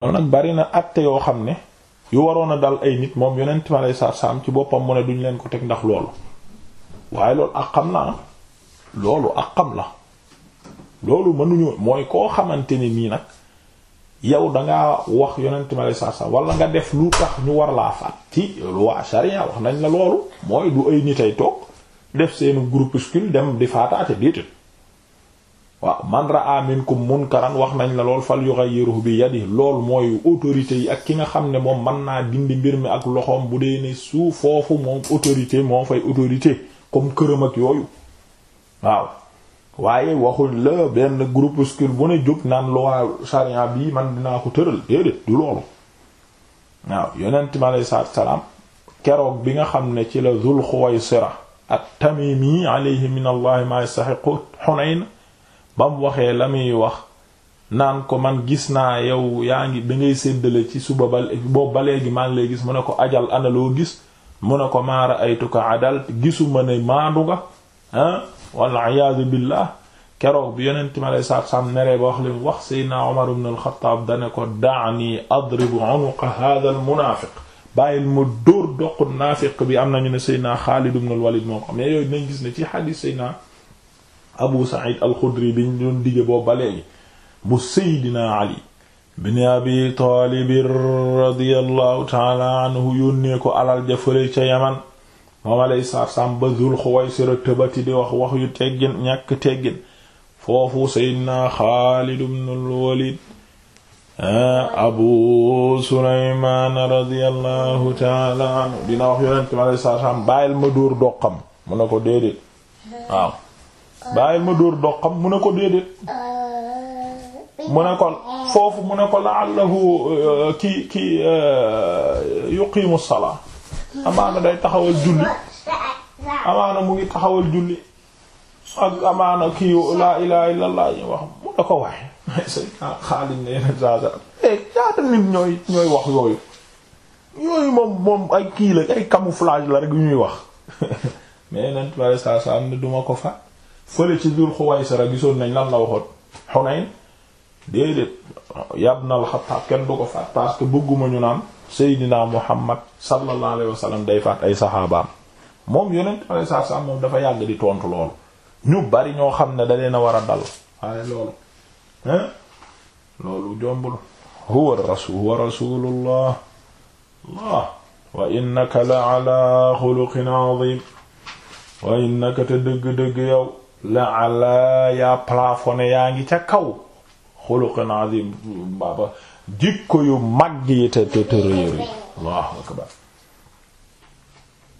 loolu nag bari na àtte yoo xam ne yu waroon a dal ay nit moom yonent ma lay saar saam ci boppam mu ne duñ leen ko teg ndax loolu waaye loolu ak xam na loolu ak xam la loolu mënuñu mooy koo xamante ni nii nag yow danga wax yonent ma lay saar saam wala nga def lu tax ñu war laa faat ci waa sharia wax nañ la loolu mooy du ay nit ay toog def seenu groupuscule dem di faataate déedéet waaw man ra'a minkum munkaran wax nañ la lool fal yughayyiruhu bi yadihi lool mooy autorité yi ak ki nga xam ne moom man naa dindi mbir mi ak loxoom bu dee ne su foofu moom autorité moo fay autorité comme këram ak yooyu waaw waaye waxuñ la benn groupuscule bu ne jóg naan loi charia bi man dinaa ko tëral déedéet du loolu waaw yonent mi alayhi salaatu salaam keroog bi nga xam ne ci la Zul Xuwaysira at-Tamimi alayhi ma yastahiqu Hunayn ba mu waxee la muy wax naan ko man gis naa yow yaa ngi bi ngay séddale ci suba ba ba léegi maa ngi lay gis mu ne ko ajal analoo gis mu ne ko maara aytuka adal gisuma ne maandu nga ah walla billah keroog bi yonent mi alei satu salaam neree ba wax li wax seydna na ibn al-Khattab dane ko daani adribu unuqa hadha al munaafiq mu ma dóor doq naafiq bi am nañu ne seydna Xaalid ibn al-Walid ko xam ne yooyu nañ gis ne ci xadiis seydna Abu Sa'id al-Khudri bi ñu doon bu Seydina Ali bin Abi Taalib radiyallahu taala anhu yónnee ko alal ja fële ca Yaman moom alay sarsam ba Zul Xuwaysira tëbati di wax wax yu teggin ñàkk teggin foofu Seydina Xaalid ibnul Walid ah, abu suleyman radiallahu taala anhu dina wax yonent mi alei satu selaam bàyyil ma dóor doqam mu ne ko déedéet waaw bàyyil ma dur doqam mu ne ko déedéet euh, mu ne ko euh, foofu mu ne ko la'allahu euh, ki ki yuqiimu salaa amaana day taxawal julli amaana mu ngi julli ak amaana ki la ilaaha illallah yi mu ne ko waxe ah, xaalis ne yeneen saa saa eh, ñaata ñooy ñooy wax yooyu yooyu moom ay kii la ay camouflage la rek ñuy wax mais yeneen saa saa am ne duma ko fa fële ci Dul Xuwaysira gisoon nañ lan la waxoon Xunayn déedéet yabna al-Xattaab kenn du ko faat parce que bëgguma ñu naan Seydina Muhammad sallallahu alayhi wa sallam day faat ay saxaabaam moom yonent alayhi salaam moom dafa yàgg di tontu loolu ñu bari ñoo xam ne da leen a war a dal waaye loolu jombul huwa rasul huwa rasulullah allah wa innaka la ala xuluqin azim wa innaka te dëgg-dëgg yow la ala yaa plafonné yaa ngi ca kaw xuluqin azim baba jikko yu mag te te rëy Allahu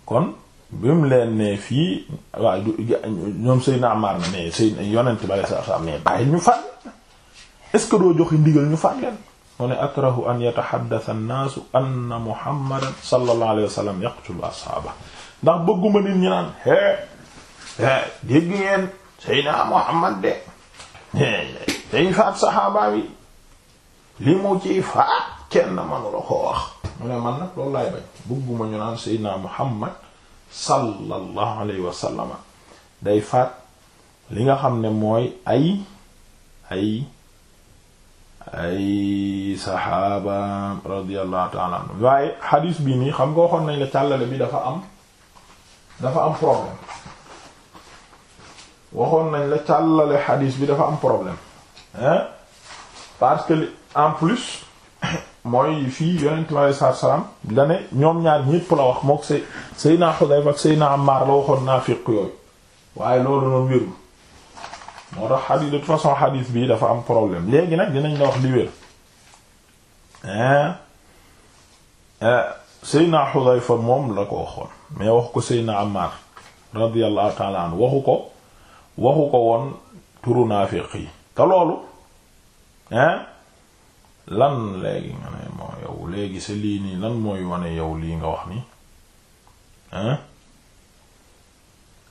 kon bi mu leen ne fii waaw ñoom Seydina Amar na ne Seydina yonent bale sa sa bàyyi ñu faat est doo joxe ndigal ñu faat leen mu akrahu an yataxaddasa annaasu anna muhammadan sallallahu alayhi wa sallam yaqtulu asxaaba ndax bëgguma nit ñi naan hee Eh, dégg ngeen Seydina Muhammad de eh, day faat saxaaba bi li mu ci faat kenn manu ko wax mu ne man nag loolu laay bañ bëgguma ñu naan Seydina Muhammad sallallahu alayhi wa sallama faat li nga xam ne mooy ay ay ay saxaaba waaye xadiis bii nii xam nga waxoon nañ la càllale bi dafa am dafa am problème waxoon nañ la càllale xadiis bi dafa am problème parce que en plus mooy fii yonent mi alei salaatu salaam ñoom ñaar ñépp la wax mook say Seydina Xudayfa ak Seydina Ammaar la waxoon naafiq yooyu waaye loolu noonu wérul moo tax xadiis de toute façon xadiis bi dafa am problème léegi nag dinañ la wax li wér hein euh, Seydina Xudayfa moom la ko waxoon mais wax ko Seydina Ammaar radiyallahu ta'ala anhu waxu ko waxu ko woon turu naa naafiq yi te loolu hein lan léegi nga ne moo yow léegi si lii nii lan mooy wane yow lii nga wax ni hein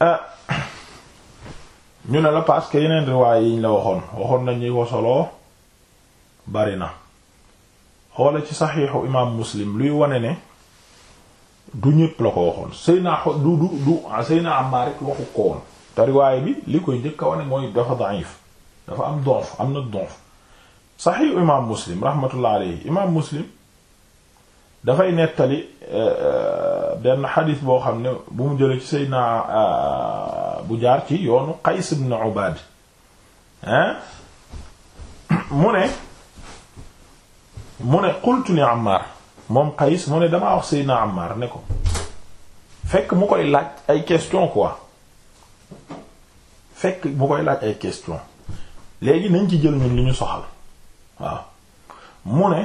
ah, ñu ne la parce que yeneen riwaay yiñ la waxoon waxoon nañ ñi ko soloo bari na xoola ci saxiixu imaam muslim luy wane ne du ñépp la ko waxoon sëy naa du du du sëy naa Ammaar rek waxu ko woon te bi li koy njëkk a wane mooy dafa da'if dafa am donf am na donf saxiix imaam muslim rahmatullah imaam muslim dafay nettali eh, eh, benn xadis boo xam ne bu mu jëlee ci Seydina eh, bu jaar ci yoonu Qays ibn Ubaad hein mu ne mu ne qultu li Ammaar moom Qays mu ne damaa wax Seydina Ammaar ne ko fekk mu koy laaj ay question quoi fekk bu koy laaj ay question léegi nañ ci jël ñun li ñu soxal waaw mu ne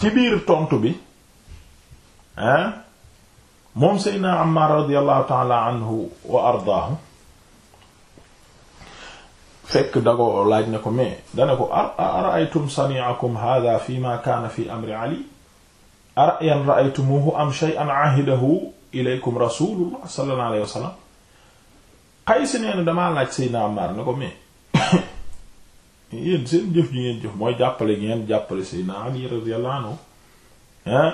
ci biir tontu bi hein moom Seydina Ammar radiyallahu ta'ala anhu wa ardaahu fekk dago laaj ne ko mais dane ko ara'aytum sani'akum hadha fi ma kana fi amri Ali ara'yan ra'aytumuhu am shay'an ahidahu ilaykum rasulullah sallallahu alayhi wa sallam Qays nee damaa laaj Seydina Ammaar ne ko mais yéen seen jëf ji ngeen jëf mooy jàppale ngeen jàppale Seydina Ali radiyallahu anhu hein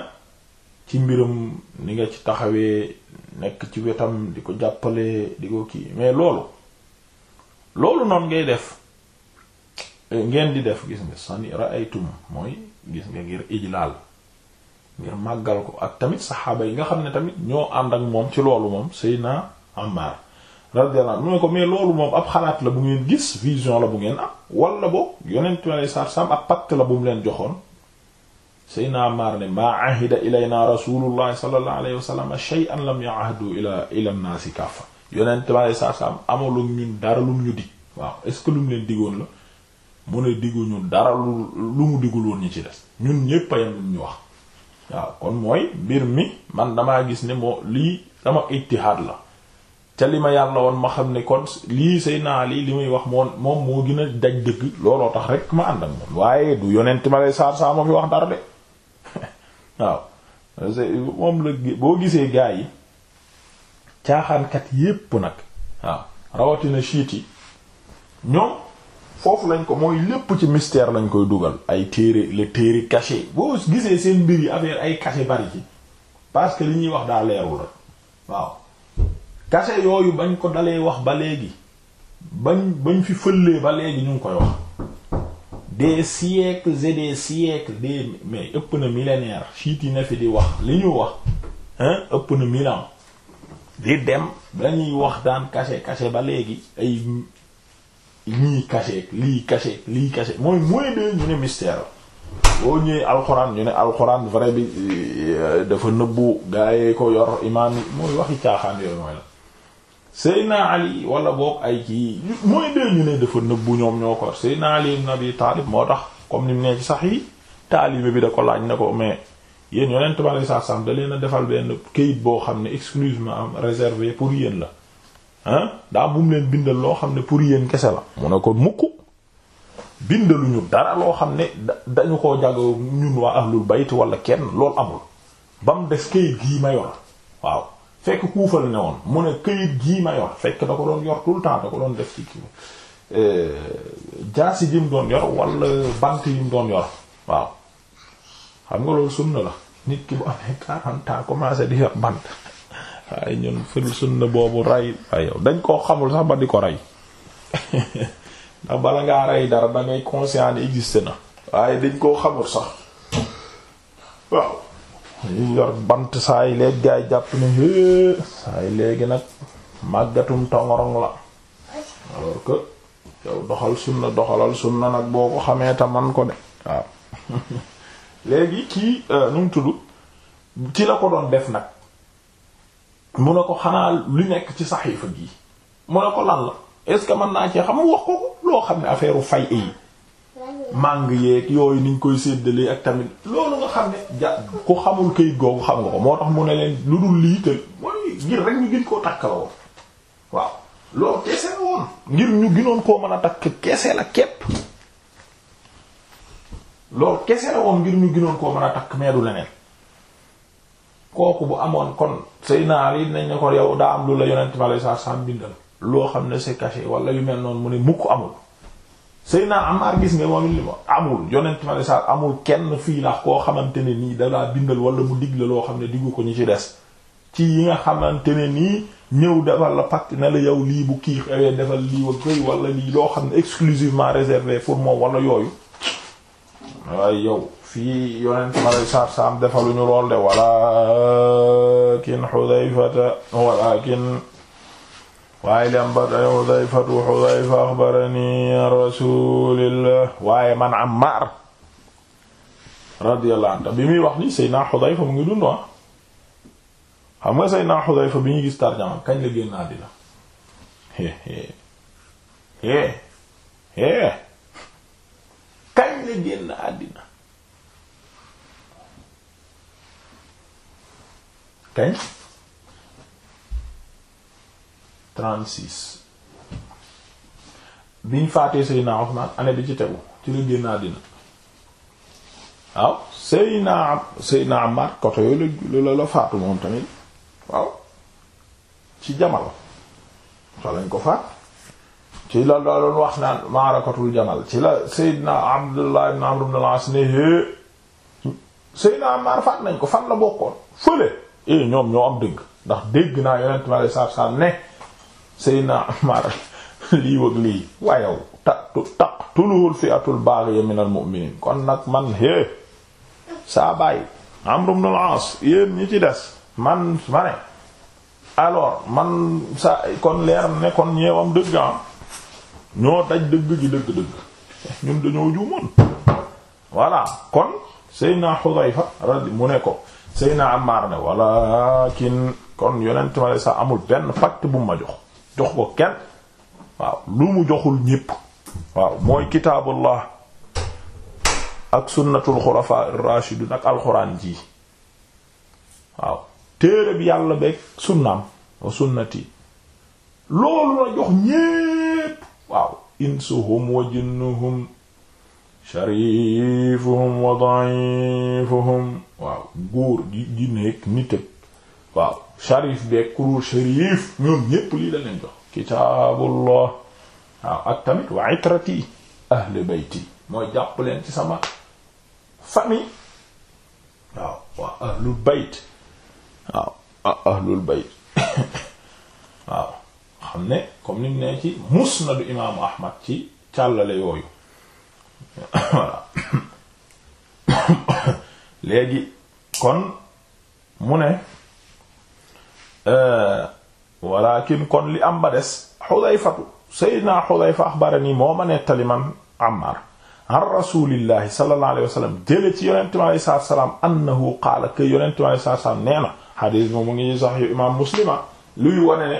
ci mbirum ni nga ci taxawee nekk ci wetam di ko jàppale di ko kii mais loolu loolu noonu ngay def ngeen di def gis nga sani ra'aytum mooy gis nga ngir ijlaal ngir màggal ko ak tamit saxaaba yi nga xam ne tamit ñoo ànd ak moom ci loolu moom Seydina Ammar radiyallahu anhu mu ne ko mais loolu moom ab xalaat la bu ngeen gis vision la bu ngeen am wala boog yonent mi alei satu salaam la bu leen joxoon Seydina Ammar ne maa ahida ilayna rasulullahi sallallahu alayhi wa sallam shay'an lam ya'ahdu ila ila an-naasi kaffa yonent mi alei satu salaam amulum ñun dara ce que lu mu leen digoon la mu ne diguñu lu mu digul woon ñi ci des ñun ñépp a yam ñu wax waaw kon mooy mbir mi man damaa gis ne moo lii sama ijtihaad la ca li ma yàlla woon ma xam ne kon lii naa lii li muy wax moom moom moo gën a daj dëgg looloo tax rek ma ànd ak moom waaye du yonent ma lay saar saa ma fi wax dara de waaw moom la boo gisee gaa yi caaxaankat yépp nag waaw rawatina chiite ñoom foofu lañ ko mooy lépp ci mystère lañ koy dugal ay téere le téere caché boo gisee seen mbir yi affaire ay caché bari ci parce que li ñuy wax daa leerul rek waaw caché yooyu bañ ko dalee wax ba léegi bañ bañ fi fëllee ba léegi ñu ngi koy wax des siècles et des siècles des mais ëpp na millénaire siit yi na fi di wax li ñuy wax hein ëpp na mille ans dem lañuy wax daan caché caché ba léegi ay ñii caché lii caché lii caché mooy mooy de ñu ne mystère la boo ñëwee alxuraan ñu ne alxuraan vrai bi euh, dafa nëbbu gaa yee ko yor imaam yi mooy waxi caaxaan yooyu mooy la Seydina Ali wala boog ay kii mooy de ñu ne dafa nëbbu ñoom ñoo ko Seydina Ali ibn Abi Taalib moo tax comme ni mu nee sax yi taalibe bi da ko laaj na ko mais yéen yonent bi sallallahu alayhi wasallam da leen a defal benn kayit boo xam ne exclusivement am réservé pour yéen la. ah daa bum leen bindal loo xam ne pour yéen kese la mu ne ko mukk bindaluñu dara loo xam ne dañu koo jago ñun waa ahlul bayt wala kenn loolu amul ba mu des kayit gii ma yor waaw fekk kuufal ne woon mu ne kayit gii ma yor fekk da ko doon yor tout le temps da ko doon def ci euh, jaasi ji mu doon yor wala bant yi mu doon yor waaw xam nga loolu sunna la nit ki bu amee 40 ans commencé di yor bant waaye ñun fil sunna boobu rey waaye dañ koo xamul sax ba di ko rey ndax bala ngaa rey dara da ngay conscient ni existe na waaye dañ koo xamul sax waaw ñu yor bant saa yi jàpp ne hé léegi nag màggatum tongorong la alors que yow doxal sunna doxalal sunna nag boo ko xamee ta man ko de waaw léegi kii euh, nu mu tudd ci la ko doon def nag mu ne ko xanaa li nekk ci saxiifa gi mu ne ko lan la est-ce que mën naa cee xam wax ko loo xam ne affaire fay yi màng yeeg yooyu niñ koy séddalee ak tamit loolu nga xam ne ja ku xamul këyit googu xam nga ko moo tax mu ne leen lu dul lii te ngir rek ñu gën koo takk la woon waaw loolu kese la ngir ñu ginoon koo mën a takk kese la képp loolu kese la ngir ñu gënoon koo mën a takk meedu leneen kooku bu amoon kon say naar yi nañ na ko yow daa am lu la yonent bi alayhi salaam bindal loo xam ne c'est caché wala yu mel noonu mu ne mukk amul sëy naa Ammaar gis nga moom amul yonent ma amul kenn fii ndax koo xamante ne nii dalaa bindal wala mu digle loo xam ne diggu ko ñu ci des ci yi nga xamante ne nii ñëw defal la pacte na la yow lii bu kii xewee defal lii wa këy wala lii loo xam ne exclusivement réservé pour moom wala yooyu waaye yow fii yonent malay sarsam defaluñu lool de walakin Hudayfata walakin waaye lam ba day Hudayfatu Hudayfa axbarani an rasulillah waaye man Ammaar radiyallahu anhu bi muy wax ni Seydina Hudayfa mu ngi dund wa ah. xam nga Seydina Hudayfa bi ñuy gis tarjama kañ la génn àddina he he he kañ la génn àddina kañ trente-six biñ faatee Seydina Usmaan année bi ci tegu ci la génn àddina waaw Seydina Seydina Ammaar côté yooyu la la faatu moom tamit waaw ci Jamal fa ko faat ci la doon wax naan maarakatul Jamal ci la Seydina Abdullah ibn Amr faat nañ ko fan la bokkoon fële eh ñoom ñoo am dëgg ndax dégg naa yonent ma lay saabsaab ne Seydina Umar lii wëg lii wayaw tatu taqtuluhul fi'atul baghiya minal mu'minin kon nag man é saa bàyyi Amr ibn al-As ñi ci des man ma ne alors man sa kon leer ne kon ñeew dëgg am ah. ñoo daj dëgg gi dëgg-dëgg ñun dañoo juumoon voilà kon Seydina Hudayfa radi mu ne ko Seyna Ammar ne walakin kon yonent ma sa amul benn pacte bu ma jox jox ko kenn waaw lu mu joxul ñépp waaw mooy kitaabullah ak sunnatul xulafaa rashidun ak alxuraan ji waaw téere bi yàlla beeg sunnaam wa sunnati loolu la jox ñépp waaw insuhum wa jinnuhum sharifuhum wa da'ifuhum waaw góor gi gi nekk nit ak waaw sharif beeg kurul sharif ñoom ñépp lii la leen jox kitaabullah waaw ak tamit wa itrati ahli mooy jàpp leen ci sama famille waaw waaw ahlul bayt waaw xam ne comme nim ne ci musnadu imaamu ahmad ci càllale yooyu léegi kon mu ne euh, walakin kon li am ba des xudayfatu sayyidina xudayfa axbarani moo man ammar an rasulillahi sallallahu alayhi wa sallam jële ci yonente mi alayhi salaatu wa nee na xadis mu ngi saxiix imaam muslima luy wane ne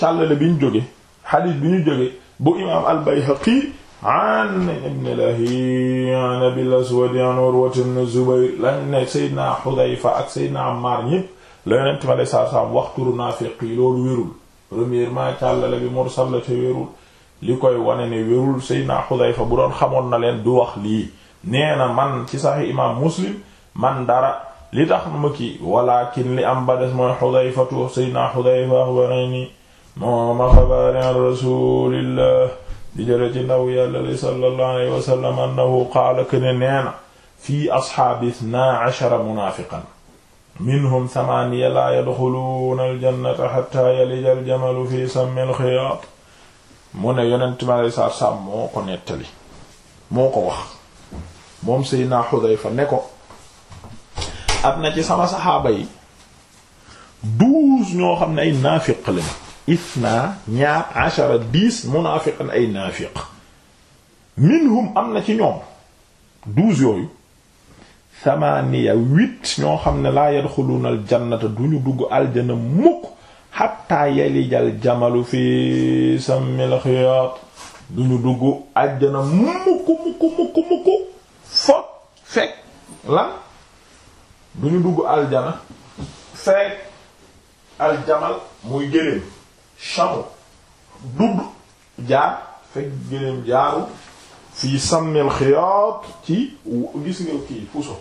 càllale bi ñu bu imaam al-Bayhaqi an ibn Lahi an Abil Aswad an Urwa ibn Zubayr lañ ne Seydina Xudayfa ak Seydina Ammaar ñépp la Yonent ma lay saa saam waxturu naafiq yi loolu wérul bi mursal la te wérul li koy wane ne wérul Seydina Xudayfa bu doon xamoon na leen du wax lii nee na man ci Sahih imaam Muslim man dara li tax ma ki walakin li am ba des mooy Xudayfatu Seydina Xudayfa axbarani mooma xabaari an Rasulillah di jële ci ndaw yàlla li sallallahu alayhi wa sallam annahu qaala kaana nee na fii asxaabi ithnaa ashara munaafiqan minhum thamaaniya laa yadxuluuna aljannata xatta yalija aljamalu fi sammi alxiyaat mu ne yonent mi alayhi salaatu salaam moo ko nettali moo ko wax moom Seydina Xudayfa ne ko am na ci sama saxaaba yi douze ñoo xam ne ay naafiq lañu isna ñaar ashara dix munaafiqan ay naafiq minhum am na ci ñoom douze yooyu thamaniya huit ñoo xam ne laa yadxuluuna aljannata du ñu dugg aljana mukk xatta yalijal jamalu fi sammil du ñu dugg aljana mukk mukk mukk mukk fot fekk lan du ñu dugg aljana fekk aljamal muy gëléem chameau dudd jaar fekk gëléem jaaru fii sàmmil xiyaat ci gis nga kii puso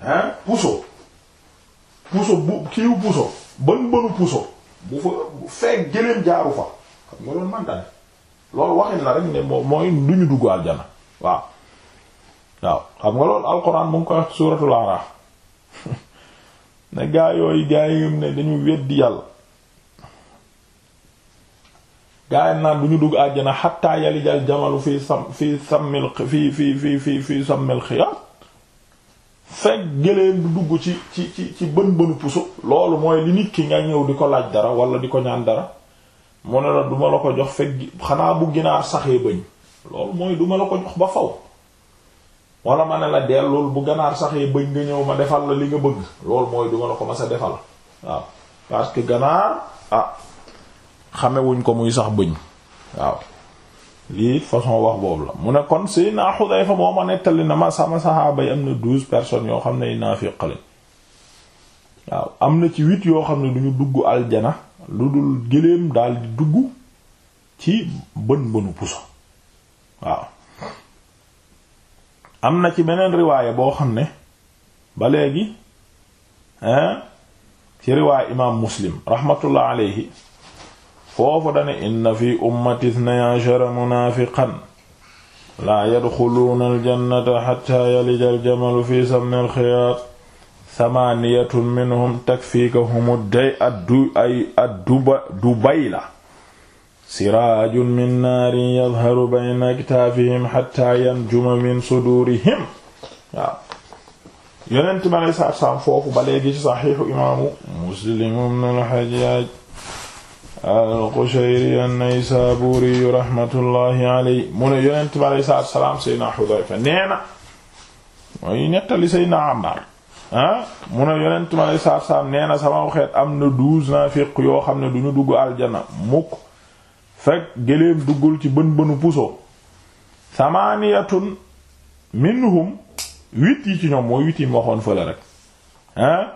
hein puso puso bu kiiw puso bën bënu puso bu fa fekk gëléem jaaru fa xam nga loolu mantane loolu waxin la rek ne moo mooy du ñu dugg aljana waaw waaw xam nga loolu alquran mu ngi koy wax suuratul Araaf ne gaa yooyu gaa yi ne dañu weddi yàlla gaa yi naan du ñu dugg na xatta yalijal jamalu fii sam fi sammil fi fii fii fi fi sammil xiyaat fekk gëleen du dugg ci ci ci ci bën bënu puso loolu mooy li nit ki nga ñëw di ko laaj dara wala di ko ñaan dara moo ne la duma la ko jox fekk xanaa bu ginaar saxee bëñ loolu mooy duma la ko jox ba faw wala ma ne la dellul bu ganaar saxee bëñ nga ñëw ma defal la li nga bëgg loolu mooy duma la ko ma sa defal waaw parce que ganaar ah xamewuñ ko muy sax bëñ waaw lii façon wax boobu la mu ne kon Seydina Xudayfa moo ma nettali na ma sama saxaaba yi am na douze personnes yoo xam ne naafiq lañ waaw am na ci huit yoo xam ne duñu dugg aljana lu dul daal di dugg ci bën bënu puso waaw am na ci beneen riwaaya boo xam ne ba léegi hein ci riwaaya imaam Muslim raxmatullah alayhi foofu dane inna fi ummati ithnay ashara munaafiqan laa yadxuluuna aljannata xatta yalija aljamalu fi samni alxiyaat thamaniyatun minhum takfiikahum day addu ay adduba dubayla siraajun min naarin yadharu bayna aktaafihim xatta yanjuma min suduurihim waaw yonent ma lay saar saam foofu ba léegi ci saxiixu imaamu muslim ibn al-Hajjaaj al-Qushayri an-Naysaburi rahmatullahi alayhi mu ne yonent bi alayhi salaatu wa salaam Seydina Hudayfa nee na mooy nettali Seydina Ammaar ah mu ne yonent salaam nee na sama xeet am na douze yoo xam ne du ñu dugg aljana mukk fekk gëléem duggul ci bën bënu puso samaaniyatun minhum huit ci ñoom mooy huit mu waxoon fële rek ah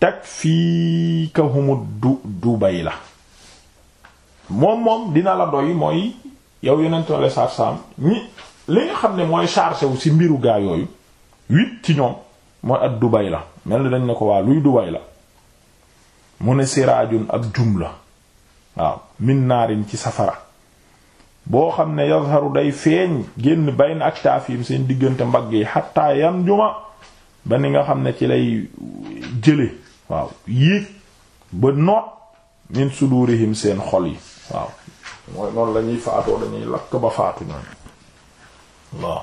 takfiikahum du dubay la moom moom dina la doy mooy yow yonent na la saar saam ñi li nga xam ne mooy chargé wu ci mbiru gaa yooyu huit ci ñoom mooy at Dubai la mel na dañ ne ko waa luy Dubai la mu ne siraajun ab jumla waaw min naarin ci safara boo xam ne yazharu day feeñ génn na ak taafim seen diggante mbagg yi xataa yan juma ba ni nga xam ne ci lay jële waaw yéeg ba noot min sudurihim seen xol yi waaw mooy noonu la ñuy faatoo dañuy lakk ba faatu ñoon waaw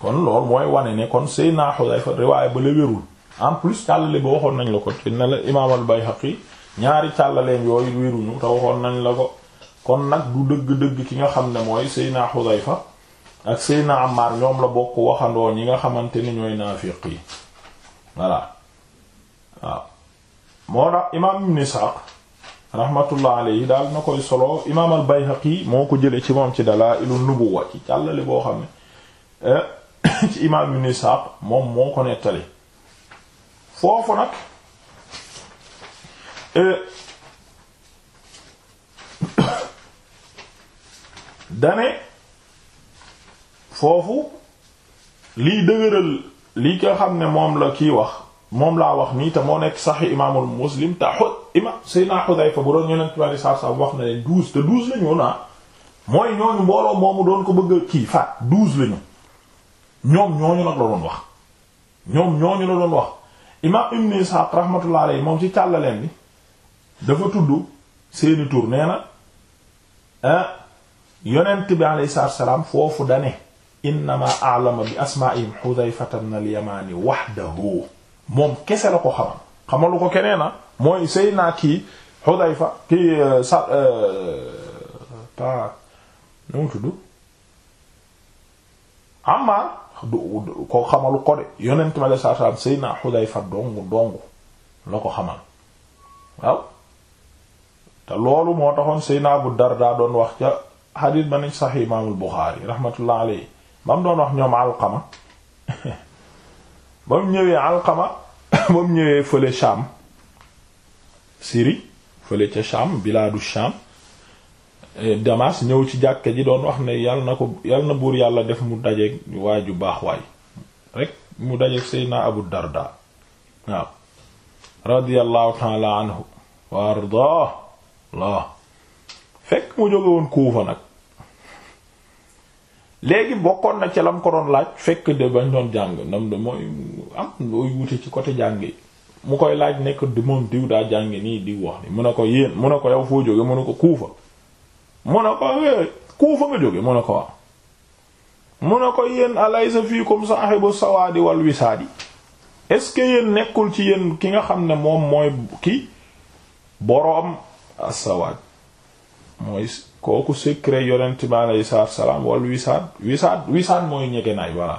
kon loolu mooy wane ne kon Seydina Xudayfa riwaaya ba la wérul en plus càllale ba waxoon nañ la ko te ne la imaam al-Bayhaqi ñaari càllaleen yooyu wéruñu te waxoon nañ la ko kon nag du dëgg-dëgg ki nga xam ne mooy Seydina Xudayfa ak Seydina Ammaar ñoom la bokk waxandoo ñi nga xamante ni ñooy naafiq yi voilà waaw moo tax imaam Ibn Isaaq rahmatullah yi daal na koy solo imaam al Bayhaqi moo ko jëlee ci moom ci Dalaa'ilun Nubuwwa ci càllale boo xam ne eh, ci imaam Ibn Ishaq moom moo ko nettali foofu nag eh, dane foofu liy dëgëral li nga xam ne moom la kiy wax moom laa wax nii ta moo nekk saxi imaamul muslim te xo imam Seydina Xudayfa bu doon yonent bi wax ah. mooy ñooñu mbooloo moom doon ko bëgg a kii faat douze la ñu ñoom ñooñu nag la doon wax ñoom ñooñu la doon wax imam Ibn Ishaq rahmatullah alayhi moom ci càllaleen bi dafa tudd seeni tur nee na ah yonent bi salaam foofu dane innama a'lama bi asma'ihim Xudayfa ibn al-Yamani wahdahu moom kese la ko xamal xamalu ko keneen na ah. mooy sey naa kii Xudayfa kii euh, sa pa euh, nu mu tudd Ammaar ko xamalu ko de yonent ma la saa saa naa Xudayfa dongu dongu la ko xamal waaw te loolu moo taxoon Seydina dar daa doon wax ca xadiis ba ni sax Imaamul Buxaari raxmatullah alayhi doon wax ñoom Alqama ba mu ñëwee alxama ba mu ñëwee fële Sham Syrie fële ca Sham bilaadu Sham eh, Damas ñëw ci jàkka ji doon wax ne yàlla na ko yàlla na buur yàlla def mu dajeeg ju baax waay rek mu dajeeg Seydina Abu Darda waaw radiyallahu taala anhu wa ardaa fekk mu jóge woon Kuufa nag léegi bokkoon na ci lam ko doon laaj fekk de bañ doon jàng nam de mooy am looy wute ci côté jàng yi mu koy laaj nekk di moom diw daa jàng nii diw wax ni mu ne ko yéen mu ne ko yow foo jóge mu ne ko kuufa mu ne ko eh, kuufa nga jóge mu ne ko waaw mu ne ko yéen alaysa fiikum saahibu sawaadi wal wisaadi est-ce que yéen nekkul ci yéen ki nga xam ne moom mooy ki boroom as mooy kooku secret yonent bi alayhi salaatu salaam wala wisaat wisaat wisaat mooy ñegenaay voilà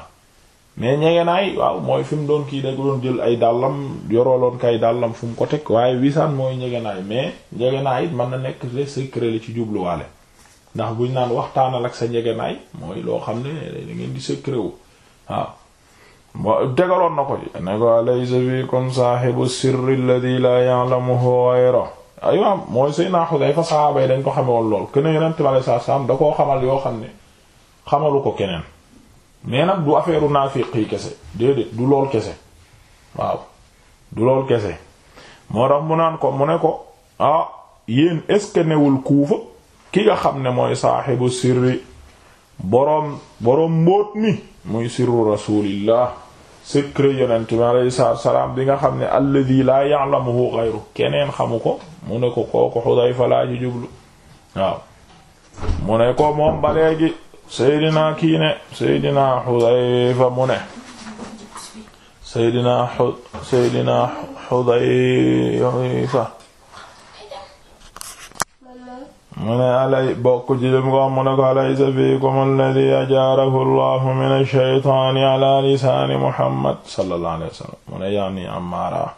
mais ñegenaay waaw mooy fi mu doon kii da doon jël ay dàllam yorooloon kay dàllam fu mu ko teg waaye wisaat mooy ñegenaay mais ñegenaay it mën na nekk le secret li ci jubluwaale ndax buñ naan waxtaanal ak sa ñegenaay mooy loo xam ne da ngeen di secret waaw moo degaloon na ko ci ne ko alaysa fiikum saahibu sirri alladhi la ya'lamuhu ghayruhu imaam mooy Seydina Xudayfa saxaaba yi dañ ko xame woon lool keneen Yonent bi alayhi salaam da koo xamal yoo xam ne xamalu ko keneen mais nag du affaire naafiq yi kese déedéet du lool kese waaw du lool kese moo tax mu naan ko mu ne ko ah yéen est-ce que newul Kuufa ki nga xam ne mooy saaxibu sirri boroom boroom mbóot mi muy sirru rasulillah secret yonent bi alayhi salaam bi nga xam ne alladi laa ya'lamuhu ghayru keneen xamu ko mu ne ko kooku Xudayfa jublu waaw mu ko moom ba léegi Seydina kii ne Seydina Xudayfa mu ne Seydina Xudayfa mu ne alay ko mu fiikum alladi ajaarahu min alsheytaani ala mu ne yaani ammaara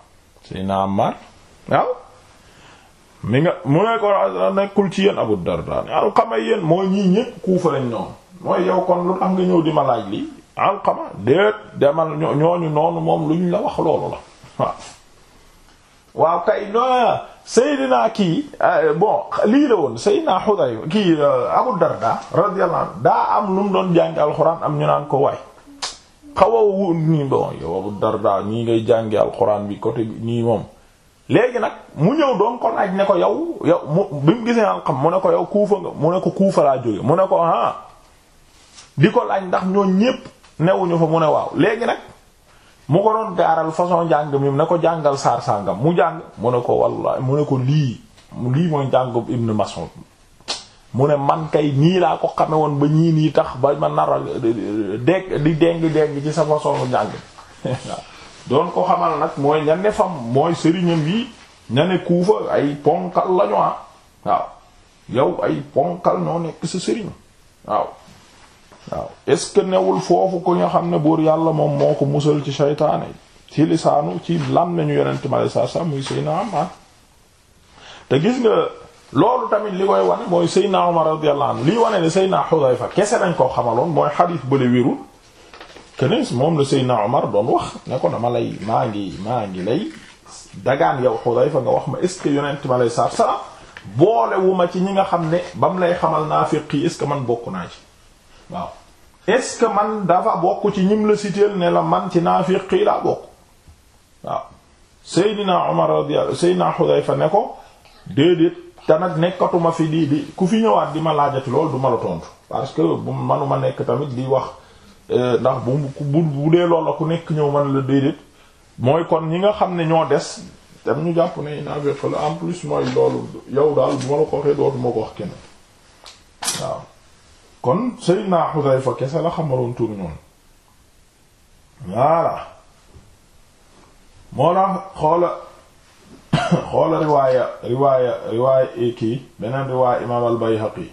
nga mu ne ko nekkul ci yéen abu darda alqama yéen mooy ñii ñépp kuufa lañ noonu mooy lu tax la wax loolu la waaw kay no naa kii euh, bon lii la woon Seydina Xuday kii euh, Abu Darda radiyallahu anhu daa am lu mu doon jàng alxuraan am ñu naan ko waay xaw a wu nii bon yow Abu Darda ñii ngay jàngi alxuraan bi côté bi nii moom léegi nag mu ñëw doon ko laaj ne ko yow yow bi mu gisee xam mu ne ko yow kuufa nga mu ne ko kuufa laa jóge mu ne ko ah di ko laaj ndax ñooñ ñépp newuñu fa mu ne waaw léegi nag mu ko doon gaaral façon njàng mi ne ko jàngal saar sàngam mu jàng mu ne ko wallahi mu ne ko lii lii mooy njàngum Ibn Mas'ud mu ne man kay nii laa ko xame woon ba ñii nii tax ba ma nara dégg di déng déng ci sa façon njàng doon ko xamal nag mooy ña ne fam mooy sëriñam yi ña ne kuufa ay ponkal lañu ah waaw yow ay ponkal ñoo nekk sa sëriñ waaw waaw est-ce que newul foofu ko nga xam ne buur yàlla moom moo ko musal ci shaytaane ci lisaanu ci lam nañu yonent ma lay sax muy Seydina Umar te gis nga loolu tamit li koy wane mooy Seydina Umar radiyallahu anhu liy wane ne Seydina Xudayfa kese nañ koo xamaloon mooy xadiis bële wérul kenes moom la Seydina Umar doon wax ne ko ma lay maa ngi maa ngi lay dagaan yow Xudayfa nga wax ma est-ce que yonent ma lay sax sax boolewuma ci ñi nga xam ne bam lay xamal naa féq yi que man bokk naa ci est man dafa bokk ci ñim la siteel ne la man ci naafiq yi laa bokk waaw Seydina Omar radiyallahu Seydina Xudayfa ne ko déedéet te nag nekkatuma fi di di ku fi ñëwaat di ma laajati lool du ma la tontu parce que bu manuma nekk tamit di wax euh, ndax bu bu dee lool la ku nekk ñëw man la déedéet mooy kon ñi nga xam ne ñoo des tam ñu jàpp ne naafiq la en plus mooy loolu yow daal bu ma la ko waxee dootuma ko wax kenn waaw kon Seydina Xudayfa kese la xamaloon tur ñoon voilà moo tax xoola xoola riwaaya riwaaya kii beneen riwaaya imaam al-Bayhaqi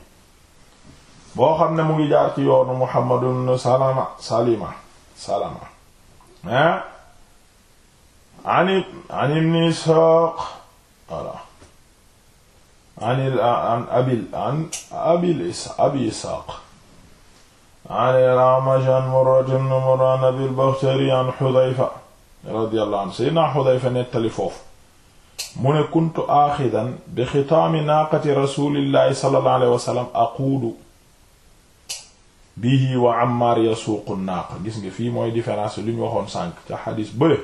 boo xam ne mu ngi jaar ci yoonu Muhammad ibn Salama Salima Salama ah an an an abi an abi abi isxaaq an al-A'mash an Murrat ibn Murran al-Bakhtari an Hudayfa radiyallahu anhu sayyidina Hudayfa nettali foofu mu ne kuntu aaxidan bi xitaami naaqati rasulillahi sallallahu alayhi wa sallam aquudu bihi wa Ammaar yasuuqu naaqa gis nga fii mooy différence lu ñu waxoon sànq ca xadis bële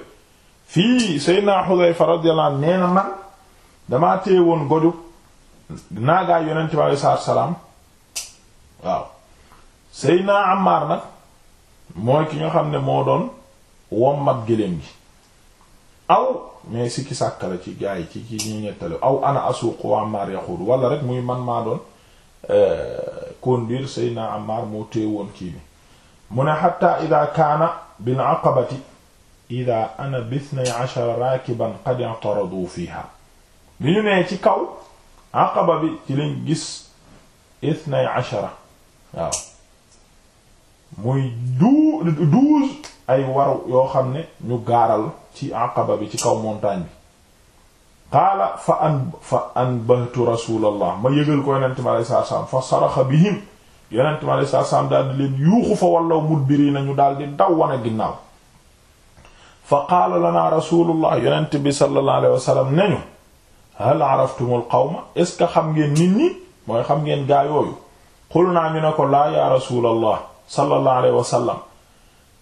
fii sayyidina Hudayfa radiyallahu anhu nee na man damaa téye woon goju naagaay yonent bi alei salaatu salaam waaw Seydina Ammaar nag mooy ki nga xam ne moo doon wommat gëléem gi aw mais si ki sàkkale ci gaa yi ci ci ñuy ñettale aw ana asuuqu wa Ammaar yaxuud wala rek muy man maa doon euh, conduire Seydina Ammaar moo téewoon kii mu ne xatta ida kaana bil aqabati ida ana bi ithnay ashara raakiban qad i'taradu ñu nee ci kaw aqaba bi ci lañ gis ithnay ashara waaw muy douze ay waru yoo xam ne ñu gaaral ci aqaba bi ci kaw montagne bi qaala fa an fa anbahtu rasulallah ma yëgal ko yonente mi alei satu selaam fa saraxa bihim yonente mi alei satu selaam daal di leen yuuxu fa wallaw mudbiri nañu daal di daw wan a ginnaaw fa qaala lana rasulullah yonente bi sallallahu alayhi nañu hal araftumul qawma est-ce que xam ngeen nit ñi mooy xam ngeen gaa yooyu naa ñu ne ko laa ya rasulallah sallallahu alayhi wa sallam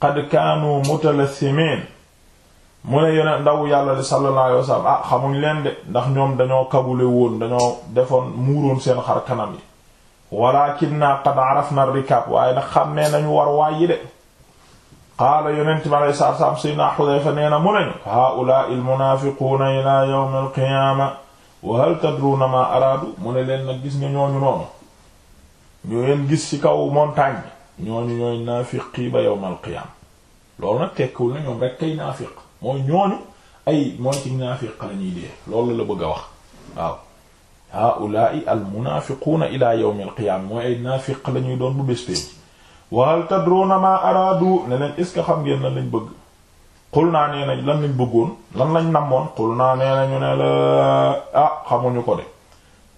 qad kaanu mutalathimine mu ne yoneen ndaw yàlla li sallallahu alayhi wa sallam ah xamuñ leen de ndax ñoom dañoo kabule woon dañoo defoon muuroon seen xar kanam yi walakin na qad arafna rikab waaye nag xam ne nañu war waay de qaala yonent bi alayhi salaatu wa salaam sayyidina Hudayfa nee na mu nañu haa'ulaa'i al-munaafiquuna ilaa yawmi al-qiyaama wa hal tadruuna maa araadu mu ne leen nag gis nga ñooñu noonu ñoo leen gis ci kaw montagne ñooñu ñooy naafiqi ba yawm al-qiyaama loolu nag tekkiwul na ñoom rek kay naafiq mooy ñooñu ay mooy ci naafiq la ñuy dee loolu la bëgg a wax waaw haa'ulaa'i al-munaafiquuna ilaa yawmi al-qiyaama mooy ay naafiq la ñuy doon bu bés wahal tadruna ma araadu ne leen est-ce que xam ngeen lan lañ bëgg xul naa nee nañ lan lañ bëggoon lan lañ namoon xul naa nee nañu ne la ah xamuñu ko de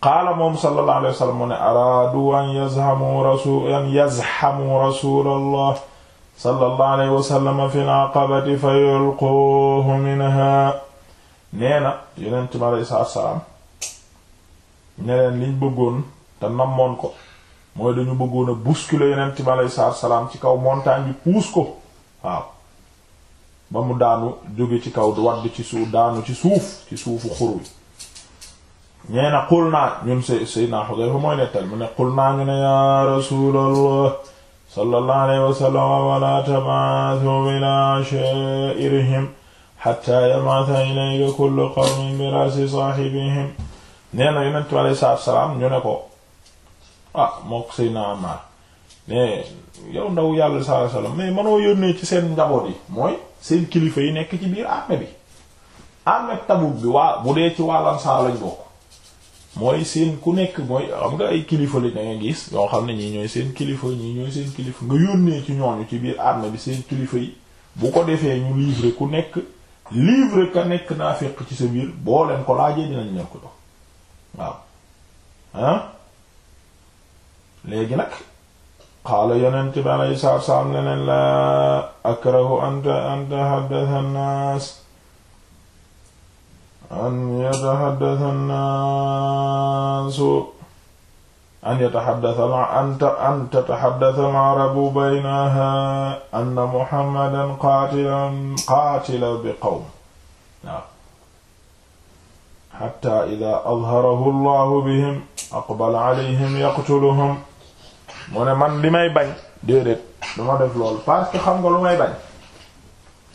qaala moom sallallahu alayhi wa sallam mu ne araadu an yazhamu rasul an yazhamu rasulallah sallallahu alayhi wa sallam fi al-aqabati fa yulquhu minha nee na yonent mi alayhi salaam ne leen liñ bëggoon te namoon ko mooy dañu bëggoon a bousculer yonent bi aleyhi salaatu salaam ci kaw montagne bi puus ko waaw ba mu daanu jóge ci kaw wadd ci suuf daanu ci suuf ci suufu xur wi ñee na xul naa ñun s saydna Xudayfa mooy nettal mu ne xul naa ñu ne ya rasulallah sallallahu alayhi wa sallam wala tab'athu ila sha'irihim hatta yamata ilayka kullu qawmin bi ra'si saahibihim nee na yonent bi aleyhi salaatu salaam ñu ne ko ah mook sëy na Ammaar mais yow ndaw yàlla sallallahu alayhi mais manoo yónnee ci seen njaboot yi mooy seen kilifa yi nekk ci biir armée bi armée Tabuk ci wàllan saa lañ mooy seen ku nekk mooy ay kilifa li gis yoo xam ne ñooy seen kilifa ñii ñooy seen kilifa nga yónnee ci ñooñu ci biir armée bi seen kilifa yi bu ko defee ñu livrer ku nekk livrer ka nekk naa fekk ci sa biir booleen leen ko laajee dinañ leen ko jox waaw ah léegi nag qaala yonent bi alayhi salaatu salaam leneen laa akrahu an yatahaddasa an-naas an yatahaddasa an-naasu an yatahaddasa an tatahaddasa al-arabu baynahaa anna Muhammadan qaatilan qaatila bi qawm waaw hattaa idaa azharahu Allahu bihim aqbala alayhim yaqtuluhum mu ne man li may bañ déedéet ma def loolu parce que xam nga lu may bañ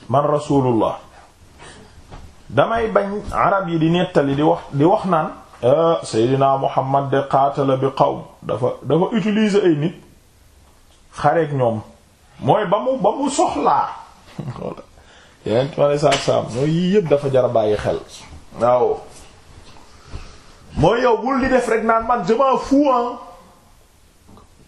man rasulullah damay bañ arab yi di nettali di wax di wax naan euh, Seydina Muhammad de qaatala bi qawm dafa dafa utiliser ay nit xareek ñoom mooy ba mu ba mu soxlaa yeneen ma ne saab-saab mooy yii yëpp dafa jar a bàyyi xel waaw mooy yow bul di def rek naan man je m'en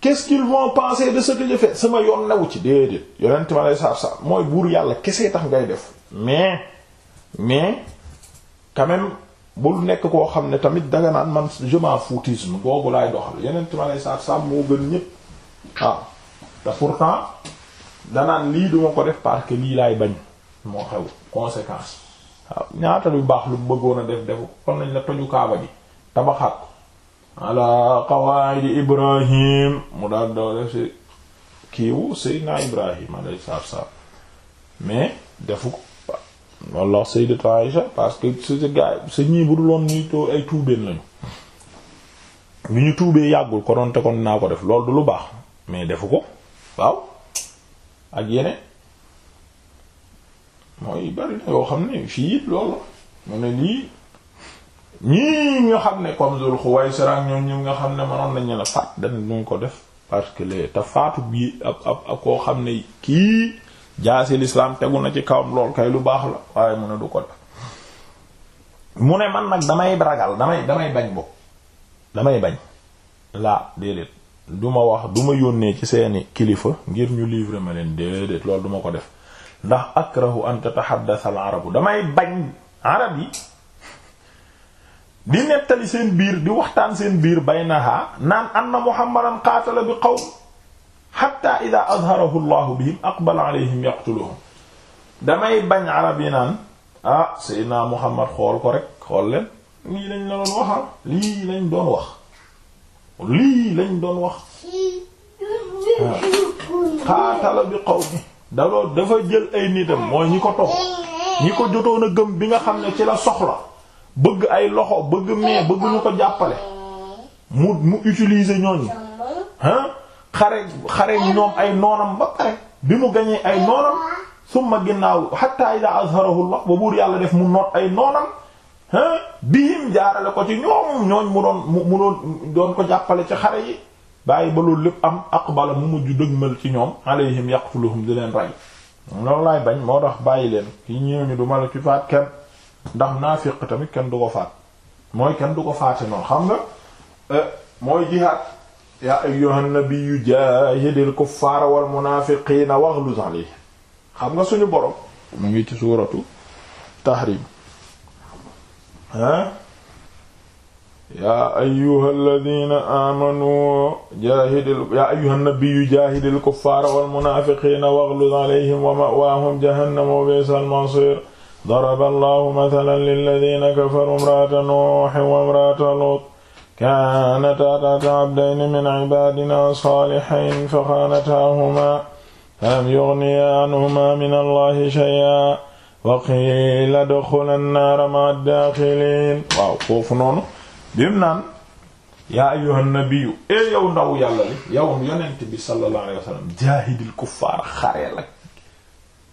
qu'est-ce qu'ils vont penser de ce que sama yoon newu ci déedéet yonent ma lay saab-saab mooy buur yàlla kese tax ngay def mais mais quand même nekk koo xam ne tamit danga naan man je m'en foutisme boobu laay doxal yeneen ma lay saab-saab moo gën ñépp waaw ah, te pourtant danaan lii duma ko def parce lii laay bañ moo xew conséquence waaw ah, ñaata baax lu bëggoon a def defu kon nañ la toju kaaba ji tabaxaat ko ala qawaidi ibrahim mu daal daw def si kiiwu seydina ibrahim alayhi salaam mais defu ko walla sayyidatu Aïsha parce que su si gaay sa ñii bu dul woon ñuy ay tuubeen lañu ñu ñu tuubee yàggul konoon te kon naa ko def loolu du lu baax mais defu ko waaw ak yeneen mooy bari na yoo xam ne fii it loolu mu ne lii ñii nga xam ne comme Zul Xuwaysira ñoom ñoom nga xam ne mënoon nañu la faat dañu ñu ko def parce que lee te faatu bii ab ab ab koo xam ne kii jaasi lislaam tegu na ci kawam lool kay lu baax la waaye mu ne du ko def mu ne man nag damay ragal damay damay bañ bopp damay bañ laa déedéet duma wax duma yónnee ci seeni kilifa ngir ñu livre ma leen déedéet loolu duma ko def ndax ak an anta al arabu damay bañ arab yi di nettali seen biir di waxtaan seen biir baynaha naan anna muhammadan qaatala bi qawm hatta ida azharahu llahu bihim aqbala alayhim yaqtuluhum damay bañ arab yi naan ah sayyidina muhammad xool ko rek xool leen lii lañ la doon waxal lii lañ doon wax lii lañ doon bi daloo dafa jël ay nitam mooy ñi ko tox ñi ko jotoon a gëm bi nga xam ne ci la soxla bëgg ay loxo bëgg mais bëgg ñu ko jàppale mu mu utilise ñooñu ah xare xare ñoom ay noonam ba pare bi mu gañee ay noonam summa ginnaaw hatta ila azharahu Allah ba buur yàlla def mu noot ay noonam ah bihim jaarale ko ci ñoom ñooñ mu doon mu doon doon ko jàppale ci xare yi bàyyi ba loolu lépp am aqbala mu mujj dëgg dëgmal ci ñoom alayhim yaqtuluhum di leen rey loolu laay bañ moo tax bàyyi leen ki ñëw ñu du ma la ci faat kenn ndax naafiq tamit kenn du ko faat mooy kenn du ko faate noonu xam nga euh, mooy jihaad yaa ayyuhan nabiyyu jaahidil kuffaara wal munaafiqiina waghluz alayhim xam nga suñu borom mu ngi ci suuratu tahrim ha yaa ayyuhal ladina amanu jaahidil yaa ayyuhan nabiyyu jaahidil kuffaara wal munaafiqiina waghluz alayhim wa ma'waahum jahannam wa bi'sal masiir daraba allahu mathalan lilladina kafaru imra'ata nuuhin wa imra'ata luut kaanataa tahta abdayni min cibaadina saalihayn faxaanataahumaa falam yughniyaa anhumaa min allahi shay'an wa qiila udxulaa nnaara ma'a ddaaxiliin waaw foofu noonu bim naan yaa ayyuha nabiyyu e yow ndaw yàlla li yow yonent bi sallallahu alayhi wa sallam jaahidil kuffaar xareel ak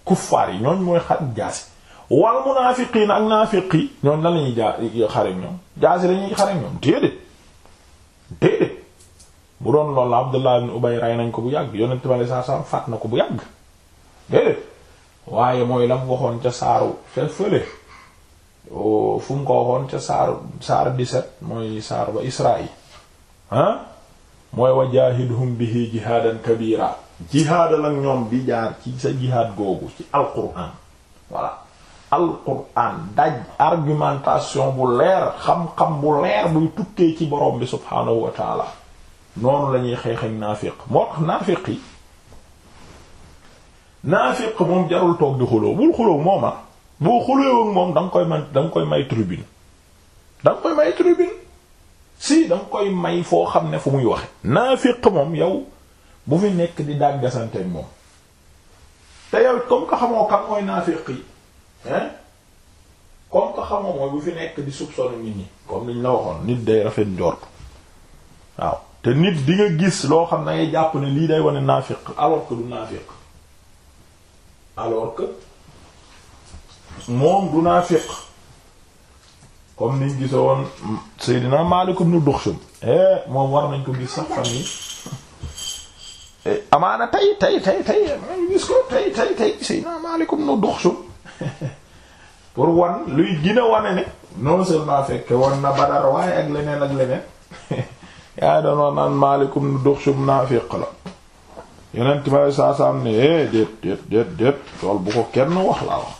kuffaar yi ñooñ mooy xar jaasi wal munaafiqiin ak naafiqi ñoom lan la lañuy jaa xare ak ñoom jaasi la ñuy xare ak ñoom déedéet déedéet bu doon loolu la Abdullah ibn Ubay nañ ko bu yàgg yonent bi sallallahu alayhi wasallam faat na ko bu yàgg déedéet waaye mooy lam waxoon ca saaru fe fële oh, fu mu ko waxoon ca saaru saar 17 mooy saar ba Israaïl ah mooy wa jaahidhum bihi jihaadan kabiira jihaadal ak ñoom bi jaar ci sa jihaad googu ci alquran voilà alquran daj argumentation bu leer xam-xam bu leer buy tukkee ci borom bi subhaanahu wa taala noonu la ñuy xeex ak naafiq moo tax naafiq yi naafiq moom jarul toog di xuloo bul xuloo moom ah, da koy man da koy may tribune da nga koy may tribune si da koy may foo xam ne fu muy waxe naafiq moom yow bu fi nekk di daggasanteeg moom te yow comme que xamoo kan mooy naafiq yi hein comme que xamoo mooy bu fi nekk di soupçonner nit ñi comme niñ la waxoon nit day rafet njort waaw te nit di nga gis loo xam ne ngay jàpp ne lii day wane naafiq alors que du naafiq alors que moom du naafiq comme niñ gise woon Seydina Maalik ibn Duxsum eh moom war nañ ko gis sax fan yi eh, amaana tey tey tey tey ñu gis ko tey tey tey Seydina Maalik ibn Duxsum pour wan luy gën wane ne non seulement fekke wan na Badar waaye ak leneen ak leneen yaa doon wax naan maalikum nu dux sub naafiq la yonent ma saa saa ne eh déet déet déet déet lool bu ko kenn wax laa wax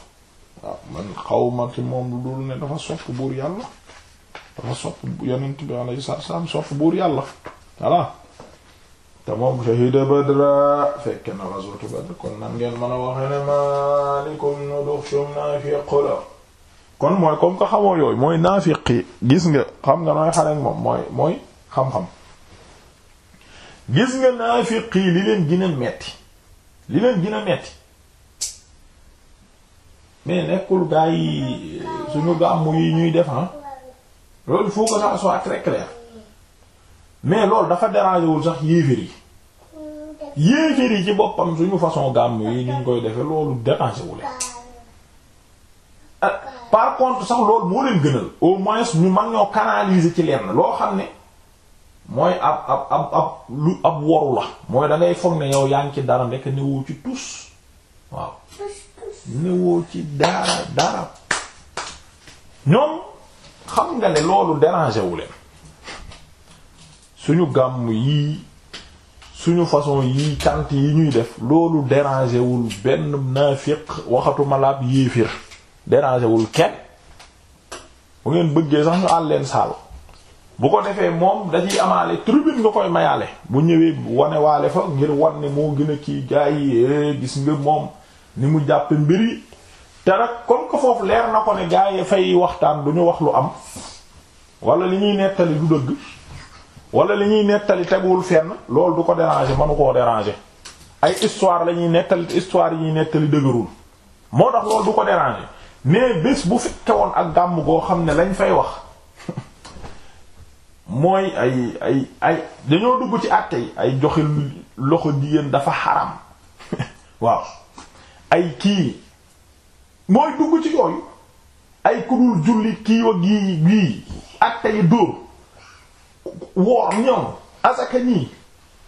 waaw man xaw ma ci moom lu dul ne dafa sopp buur yàlla dafa sopp yonent bi alayhi salaam sopp buur yàlla voilà. te moom shahida badra fekk na ghazwatu badr kon nan ngeen mën a waxee ne malikum nu duxtum naafiq la kon mooy kom ko xamoo yooyu mooy naafiq yi gis nga xam nga nooy xare moom mooy mooy xam-xam gis nga fii yi li leen gën metti li leen gën a metti mais nekkul gaa yi suñu gàmmu yi ñuy def ah loolu il faut que soit très clair mais loolu dafa dérangé sax yéefér yi yéeféer yi ci boppam suñu façon gàmm yi ni ñu koy defe loolu déranger wu leen euh, par contre sax loolu moo leen gënal au moins ñu mën ñoo canaliser ci leen loo xam ne mooy ab ab ab ab lu ab woru la mooy da foog ne yow yaa ngi ci dara ndekk newoo ci tus waaw newoo ci dara dara ñoom xam nga ne loolu déranger wu leen suñu gàmm yii suñu façon yi cant yi ñuy def loolu déranger wul benn naafiq waxatuma laab yéefir déranger wul kenn bu ngeen bëggee sax ñu àlleen saal bu ko defee moom da ciy amaale tribune nga koy mayaale bu ñëwee wanewaale fa ngir wan ne moo gën a kii gaa yi eh, gis nga moom ni mu jàppe mbir yi te nag comme que foofu leer na ko ne gaa yi fay waxtaan du ñu wax lu am wala li ñuy nettali du dëgg wala li ñuy nettali teguwul fenn lool du ko déranger mënu koo déranger ay histoire la ñuy nettali histoire yi ñuy nettali dëgërul moo tax loolu du ko déranger mais bés bu fekke woon ak gàmm goo xam ne lañ fay wax mooy ay ay ay dañoo dugg ci àtte yi ay joxe loxo jigéen dafa xaram waaw ay kii mooy dugg ci yooyu ay ku dul julli kii wa gii gii àtte yi dóor woor ñoom asaka ñii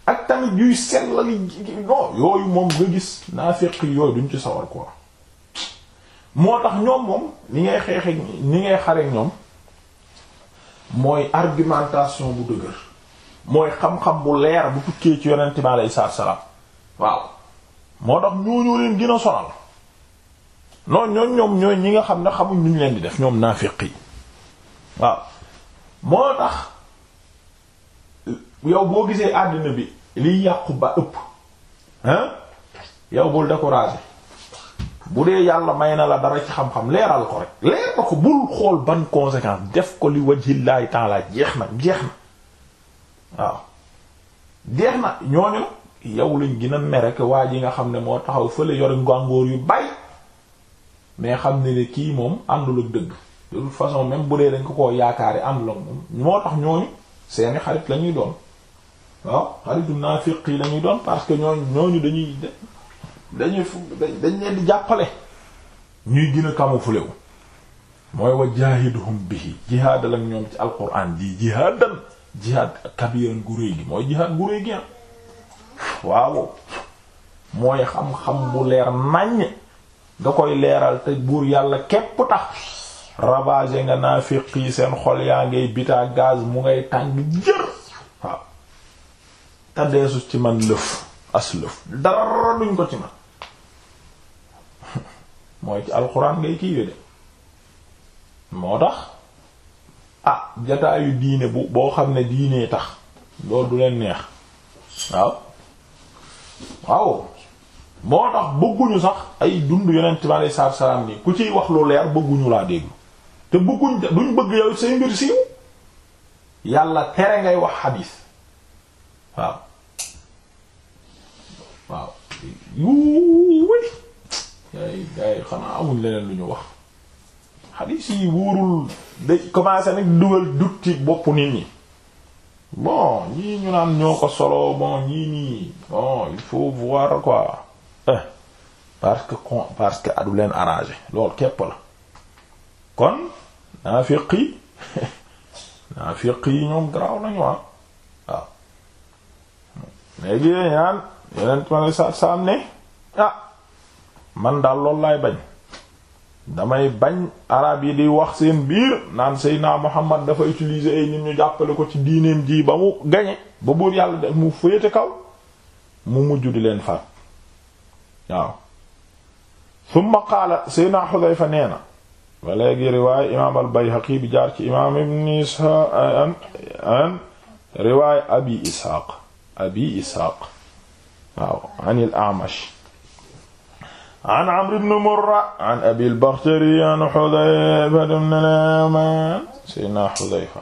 ak tamit yuy sellali yooyu moom nga gis naa fekk yooyu duñ ci sawar quoi moo tax ñoom moom ni ngay xeexee ni ngay xare ñoom mooy argumentation bu dëgër mooy xam-xam bu leer bu tukkee ci yonent bi alayhi salaam waaw moo tax ñooñu leen gën a sonal noonu ñoom ñoom ñooy ñi nga xam ne xamuñ nu ñu leen di def ñoom naa fekk yi waaw moo tax. yow boo gisee àddina bi liy yàqu ba ëpp hein yow bul découragé bu dee yàlla may na la dara ci xam-xam leeral ko rek leer na ko bul xool ban conséquence def ko li wajhillaahi ta'ala jeex na jeex na waaw jeex na ñooñu yow lañ gën a rek waa ji nga xam ne moo taxaw fële yore ngàngoor yu bay mais xam ne ne kii moom àndul dëgg de toute façon même bu dee dañ ko koo yaakaari àndul ak moom moo tax ñooñu seeni xarit lañuy doon waaw xaritu naafiq yi lañuy doon parce que ñooñu ñooñu dañuy dañuy dañ leen di jàppale ñuy gën a camouflé wu mooy wa jaahiduhum bihi jihaadal ak ñoom ci alquran ji jihaadan jihaad kabiran gu réy gi mooy jihaad gu gi ah waaw mooy xam-xam bu leer naññ nga koy leeral te buur yàlla képp tax ravager nga naafiq yi seen xol yaa ngay bitaa gaz mu ngay tàng jër te deesu ci man lëf as lëf dara duñ ko ci man mooy ci alxuraan ngay kii de moo tax ah jataayu diine bu boo xam ne diinee tax loolu du leen neex waaw waaw moo tax bëgguñu sax ay dund yonent bi alei salaatu salaam ni ku ciy wax lu leer bëgguñu laa déglu te bëgguñ duñ bëgg yow say mbir siiw yàlla tere ngay wax xadiis waaw waaw yuuy yaay yaay xanaa amuñ leneen lu ñu wax xadiis yi wóorul day commencé nag dugal dut boppu nit ñi bon ñii ñu naan ñoo ko solo bon ñii nii bon il faut voir quoi eh parce que con parce que adu leen arrangé loolu képp la kon naafiq yi naafiq yi ñoom garaaw nañu ah léegi ñaan yeneen ma saam ne ah man daal loolu lay bañ damay bañ arab yi di wax seen biir naan Seydina Muhammad dafa utiliser ay nit ñu jàppale ko ci diineem ji ba mu gañe ba buur yàlla def mu féete kaw mu mujj di leen faat waaw summa qaala Seydina Xudayfa nee na ba léegi riwaay imaam al-Bayhaqi bi jaar ci imaam ibn Isxaaq an riwaay abi Isxaaq abi isxaaq waaw an il amash an amr ibn murra an abi al-bakhtari an xudayfa ibn al-yaman sayyidina xudayfa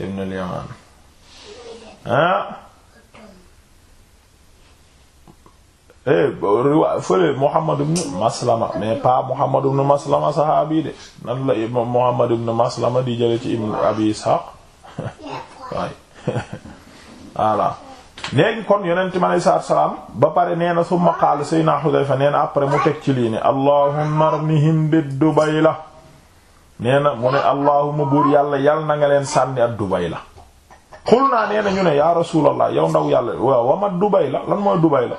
ibn al-yaman ah riwa fële Muhammad ibn Maslama mais pas Muhammad ibn Maslama saxaabi de nan la Muhammad ibn Maslama di jële ci ibn Abi Ishaq waaye voilà léegi kon yonent mi aleyhi salaam ba pare nee na summa qaala sayna Hudayfa nee na après mu teg ci lii ne allahumma armihim bid la nee na mu ne allahumma buur yàlla yàlla na nga leen sànni ak la xul naa nee na ñu ne ya rasulallah yow ndaw yàlla waaw wama dubayla lan mooy dubayla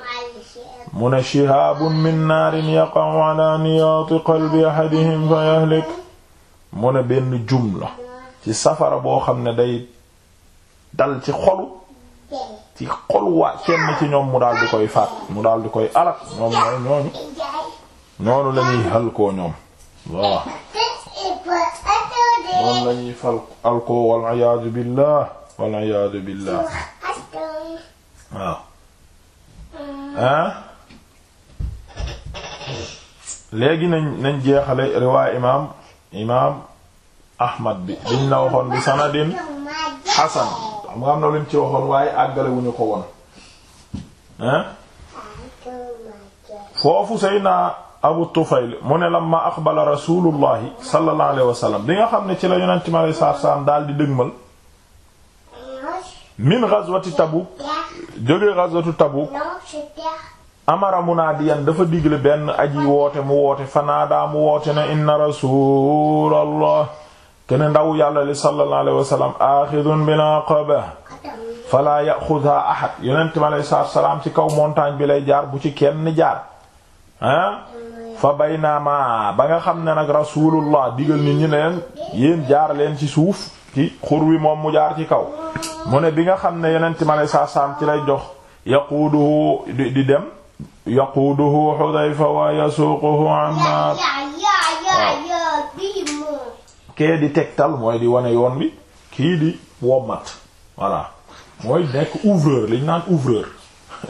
mu ne shihaabun min naarin yaqa'u ala niyaati qalbi ahadihim fa yahlik mu ne benn jumla ci safara boo xam ne day dal ci xolu ci xol waa kenn ci ñoom mu daal di koy faat mu daal di koy alal ñoom ñooy ñooñu ñoonu lañuy hal koo ñoom waaw ñoom lañuy fal al koo wal iyaadu billaah wal iyaadu billaah waaw ah léegi nañ nañ jeexale riwaay imaam imaam Ahmad bi diñ waxoon bi sanadin hasan xam nga am na luñ ci waxoon waaye àggale wu ñu ko woon hein foofu Seydina Abu Tufayl mu ne lamma aqbala rasulullahi sallallahu alayhi wa bi nga xam ne ci la yonent mi alayhi salaatu salaam daal di dëgmal min ghazwati Tabuk jóge ghazwatu Tabuk amara munaadiyan dafa digle benn aji woote mu woote fanaadaa mu woote ne inna rasulallah kene ndaw yàlla li sallallahu alayhi wa sallam axidun bil aqaba fala yaxudha ahad yonent mi salaam ci kaw montagne bi lay jaar bu ci kenn jaar ah fa baynama ba nga xam ne nag rasulullah digal nit ñi leen yéen jaar leen ci suuf ci xur wi moom mu jaar ci kaw mu ne bi nga xam ne yonent mi alayhi salaatu wa salaam ci lay jox yaquuduhu di dem yaquuduhu Hudayfa wa yasuuquhu Ammaar kee di tegtal mooy di wane yoon bi kii di wommat voilà mooy nekk ouvreur li ñu naan ouvreur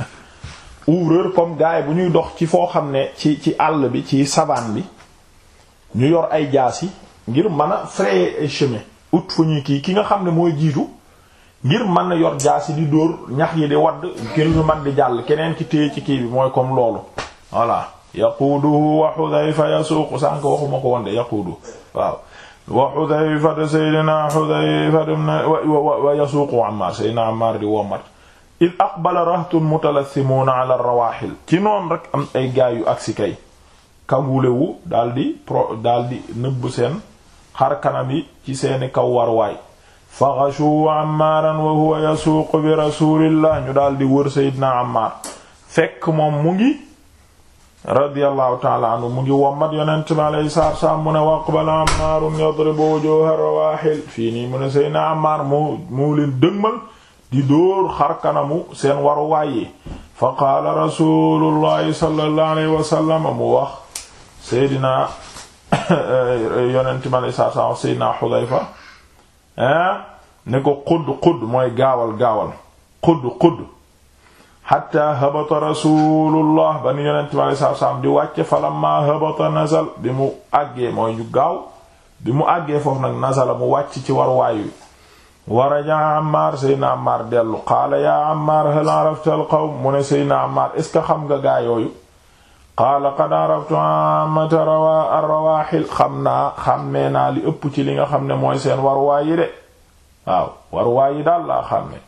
ouvreur comme gaay bu ñuy dox ci foo xam ne ci ci àll bi ci savane bi ñu yor ay jaas yi ngir mën a frayer ay chemin ut fu ñuy kii ki nga xam ne mooy jiitu ngir mën a yor jaas yi di dóor ñax yi di wadd ngir ñu man di jàll keneen ki téye ci kii bi mooy comme loolu voilà yaquuduhu wa Hudhayfa yasuuqu sànk waxuma ko won de yaquudu waaw wa Xudayfa Seydina Xudayfa wa yasuuqu Ammaar Seydina Ammaar di wommat id aqbala rahtun mutalassimuuna ala rawaahil ci noonu am ay gaay yu kay kangulewu daldi pro daldi nëbb seen xar kanam yi ci seeni kaw warwaay fa ghashu Ammaaran wa huwa yasuuqu bi rasuulillah ñu daldi wër Seydina Ammaar fekk moom mu ngi radiyallahu taala anhu mu ngi wommat yonent bi alayhi salaatu salaam mu ne waqbala Ammaarun yadribu wujuuha rawaahil fii nii mu ne Seydina Ammaar moo moo leen dëgmal di dóor xarkanamu seen waru waaye fa qaala rasuulullahi sallallahu alayhi wa sallam mu wax Seydina yonent bi alayhi salaatu salaam wax Seydina Xudayfa ah, ne ko qudd qudd mooy gaawal gaawal qudd qudd xatta habata rasulullah ba ni yonent bi alei satu salaam di wàcce falamma habata nazal bi mu àggee mooy ñu gaaw bi mu àggee foofu nag nasala mu wàcc ci war waay wi waraja Ammaar Seydina Ammaar dellu qaala yaa Ammaar hal arafta alqawm mu ne Seydina Ammaar est xam nga gaa yooyu qaala qad araftu ammata rawa arrawaxil xam naa xàmmee naa li ëpp ci li nga xam ne mooy seen war waay yi de waaw war waay yi daal laa xàmmee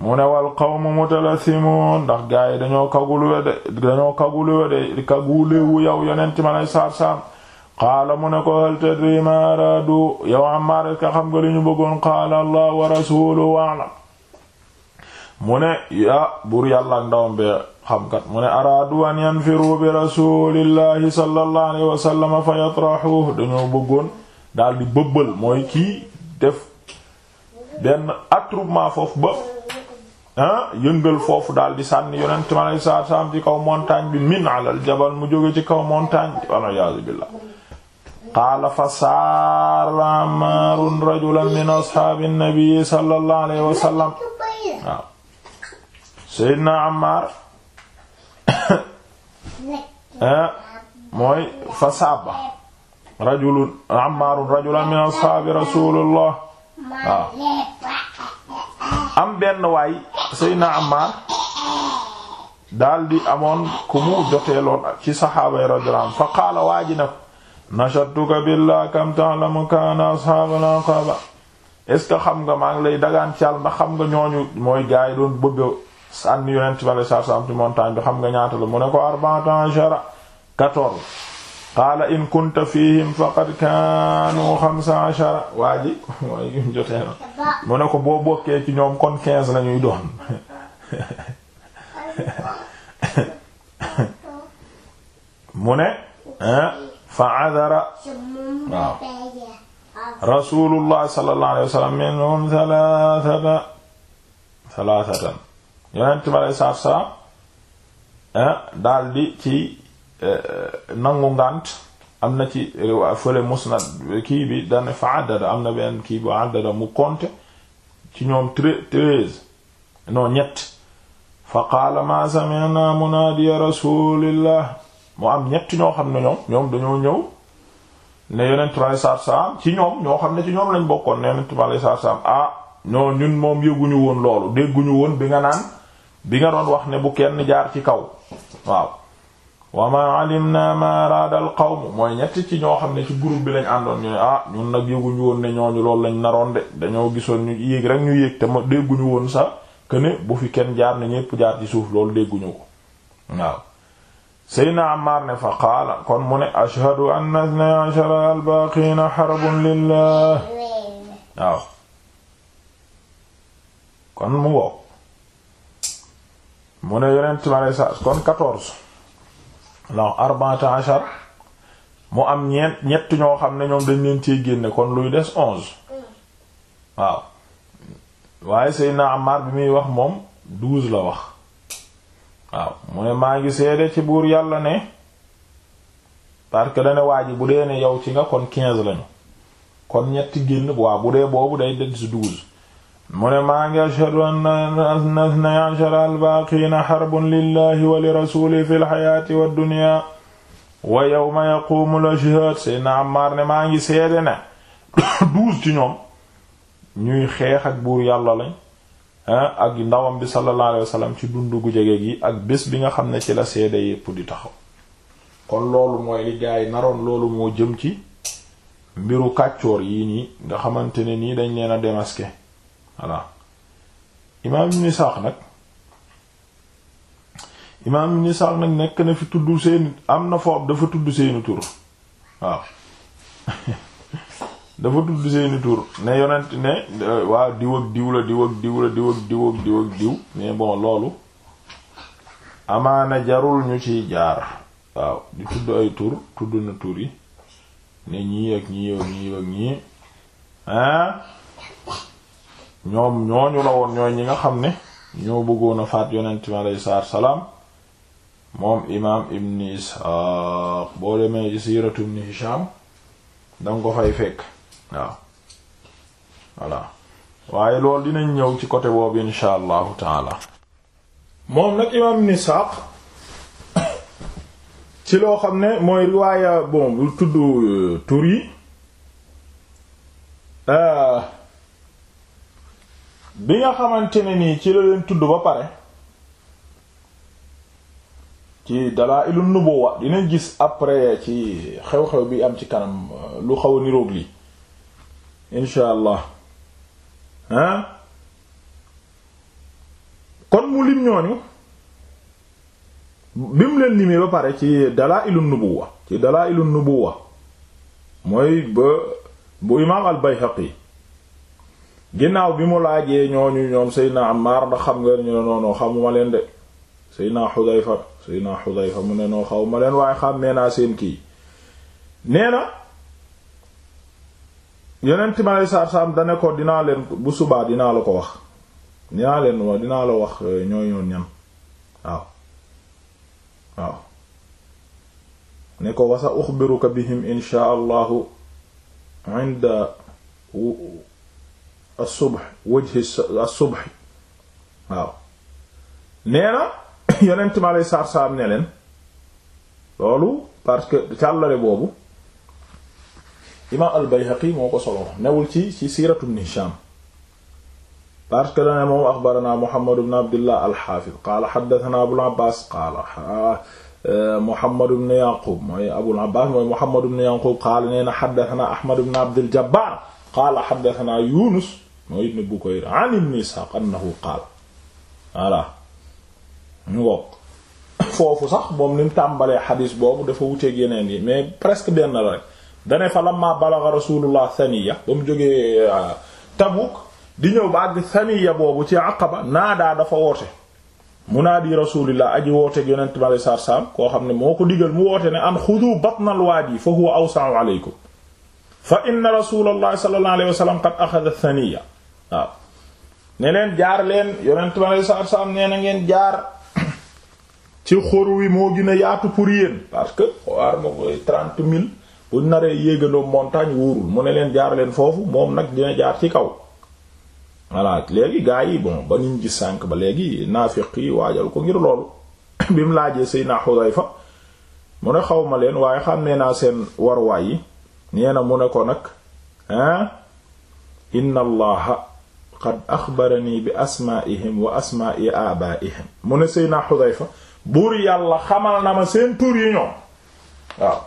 mu ne wal qawmu mutalasimun ndax gaay dañoo kaguluwe de dañoo kaguluwe de kagulewu yow yonent ma lay saar-saam qaala mu ne ko hal tadri ma araadu yow Ammaar ka xam nga bëggoon qaala allah wa rasuluhu a'lam mu ne ya buur yàlla ak ndawam be xamkat mu ne araadu an yanfiru bi rasulillahi sallallahu alayhi wa sallam fa yatrahuhu dañoo bëggoon daal di bëbbal mooy ki def benn attroupement foofu ba Ah, yëngal foofu daal di sànni yonent ma lay ci kaw montagne min alal jabal mu jóge ci kaw montagne wala yaazu billah qaala fa saara rajulan min ashaabi nabi sallallahu am benn waay Seydina Ammar daal di amoon ku mu joteeloon ci saxaabay radiyallahu anhu fa qaala waa ji ne ko nashattuka billah kam ta'lamu kaana ashaabul aqaba est-ce que xam nga maa ngi lay dagaan ci ndax xam nga ñooñu mooy gaay doon bëgg sànni yonent bi sallallahu alayhi bi xam nga ñaata la mu ne ko arba'ata ashara 14 qaala in kunta fihim faqad kaanu xamsa ashara waa ji mooy ko boo bokkee ci ñoom kon quinze la ñuy fa adara waaw rasulullah sallallahu alayhi wa sallam minhum thalathata thalathatan yonent bi alayhi salaatu wa salaam daldi Eh, nangu ngànt am na ci eh, fële musnad eh, kii bi dane fa àddada am na benn kii bu àddada mu compte ci ñoom treize non ñett fa qaala ma sami'na munaadiya rasulillah mu am ñett ñoo xam ne ñoom ñoom dañoo ñëw ne yonent bi aleyhi salaatu ci ñoom ñoo xam ne ci ñoom lañ bokkoon ne yonent bi aleyhi salaatu salaam ah ñoo ñun moom yëguñu woon loolu dégguñu woon bi nga naan bi nga doon wax ne bu kenn jaar ci kaw waaw wa maa alimna ma araada al mooy ñetti ci ñoo xam ne ci groupe bi lañ àndoon ñu ne ah ñun nag yëguñu woon ne ñooñu loolu lañ naroon de dañoo gisoon ñu yéeg rek ñu yéeg te ma dégguñu woon sax que bu fi kenn jaar ne ñépp jaar ci suuf loolu dégguñu ko waaw Seydina Ammaar ne fa qaala kon mu ne ashhadu anna isna ashara albaaqina xarabun lillah waaw kon mu wow mu ne yonent ma ne kon 14 la arba'ata mu am ñeent ñett ñoo xam ne ñoom dañ leen cee génne kon luy des onze waaw waaye Seydina Ammar bi muy wax moom douze la wax waaw mu ne maa ngi seede ci buur yàlla ne parce que dane waa bu dee ne yow ci nga kon quinze lañu kon ñetti génn waa bu dee boobu day des douze mu ne maa ngi ashhadu anna ithnay ashara albaaqiina xarbun lillahi wa lirasulihi fi lxayaati wa dunya wa yawma yaquumu al-ashhaad Seydina Ammaar ne maa ngi seede ne douze ci ñoom ñuy xeex ak buur yàlla lañ ah, ak ndawam bi sallallahu alayhi wasallam ci dund gu jege gi ak bés bi nga xam ne ci la seede yépp di taxaw kon loolu mooy li gaa yi naroon loolu moo jëm ci mbiru kàccoor yii nii nga xamante ne nii dañ leen a démasqué voilà imaam ibn Isaaq nag imaam ibn Isaaq nag nekk na fi tudd seeni am na foofu dafa tudd seeni tur waaw dafa tudd seeni tur ne yonent ne waa diw ak diw la diw ak diw la diw ak diw ak diw mais bon loolu amaana jarul ñu ciy jaar waaw di tudd ay tur tudd na tur yi ne ñii ak ñii ak ñii ak ñii ñoom ñooñu la woon ñooy ñi nga xam ne ñoo bëggoon a faat yonent mi aleyhi salaatu salaam moom imaam ibn Isxaaq boo demee siiratu ibn Hishaam danga ko fay fekk waaw voilà waaye loolu dinañ ñëw ci côté boobu insha allahu taala moom nag imaam ibn Isxaaq ci loo xam ne mooy riwaaya bon bu tudd euh, tur yi euh, bi nga xamante ne nii ci la leen tudd ba pare ci Dalaa'ilu Nubuwwa dinañ gis après ci xew-xew bi am ci kanam euh, lu xaw a niroog lii incha allah hein kon mu lim ñooñu bi mu leen limee ba pare ci Dalaa'ilu Nubuwwa ci Dalaa'ilu Nubuwwa mooy ba bu imaam al-Bayhaqi ginnaaw bi mu laajee ñooñu ñoom Seydina Ammaar ndax xam nga ñu ne noonu xamuma leen de Seydina Xudayfa Seydina Xudayfa mu ne noo xaw ma leen waaye xàmmee naa seen kii nee na yonent mi aleyhi salaatu salaam dane ko dinaa leen bu subaa dinaa la ko wax dinaa leen dinaa la wax eh, ñooy ñoon waaw waaw ne ko wasa uxbiruka bihim inshaa allahu inda as-subh wajhi as-subh waaw nee na yonent mi aleyhi salaatu salaam ne leen loolu parce que càllale boobu imaam al-Bayhaqi moo ko solo newul ci ci siiratu Ibn Hishaam parce que dane moom axbarana Muhammad ibn Abdillah al-Haafiz qaala haddathanaa Abul Abbaas qaala e, Muhammad ibn Yaqub mooy Abul Abbaas mooy Muhammad ibn Yaqub qaala nee na haddathanaa Ahmad ibn Abdil Jabbaar qaala haddathanaa Yuunus moo ibn Bukayr an ibn Ishaq annahu qaal voilà ñu wokk foofu sax moom ni mu tàmbalee xadis boobu dafa wuteeg yeneen yi mais presque benn la rek dane fa lamma balaga rasulullah saniya ba mu jógee euh, di ñëw ba àgg boobu ci Aqaba naadaa dafa woote munaadi rasulillah aji wooteeg yonent bi alayhi salaatu salaam koo xam ne moo ko digal mu woote ne am xudu batnal waadi fa huwa awsa'u alaykum fa inna rasulallahi sallallahu alayhi wa qad axada saniya waaw ne leen jaar leen yonent bi alei saatu salaam nee na ngeen jaar ci xor wi moo gën a yaatu pour yéen parce que xaar ma koy trente mille buñ naree yéegandoo montagne wóorul mu ne leen jaar leen foofu moom nag dina jaar ci kaw voilà léegi gaa yi bon ba niñ gis sànk ba léegi naafiq yi waajal ko ngir loolu bi mu laajee Seydina Xudayfa mu ne xaw ma leen waaye xam ne naa seen waruwaay yi nee na mu ne ko nag ah inna qad axbarani bi asmaa'ihim wa asmaa'i aabaa'ihim mu ne Seydina Xudayfa buur yàlla xamal na ma seen tur yi ñoom waaw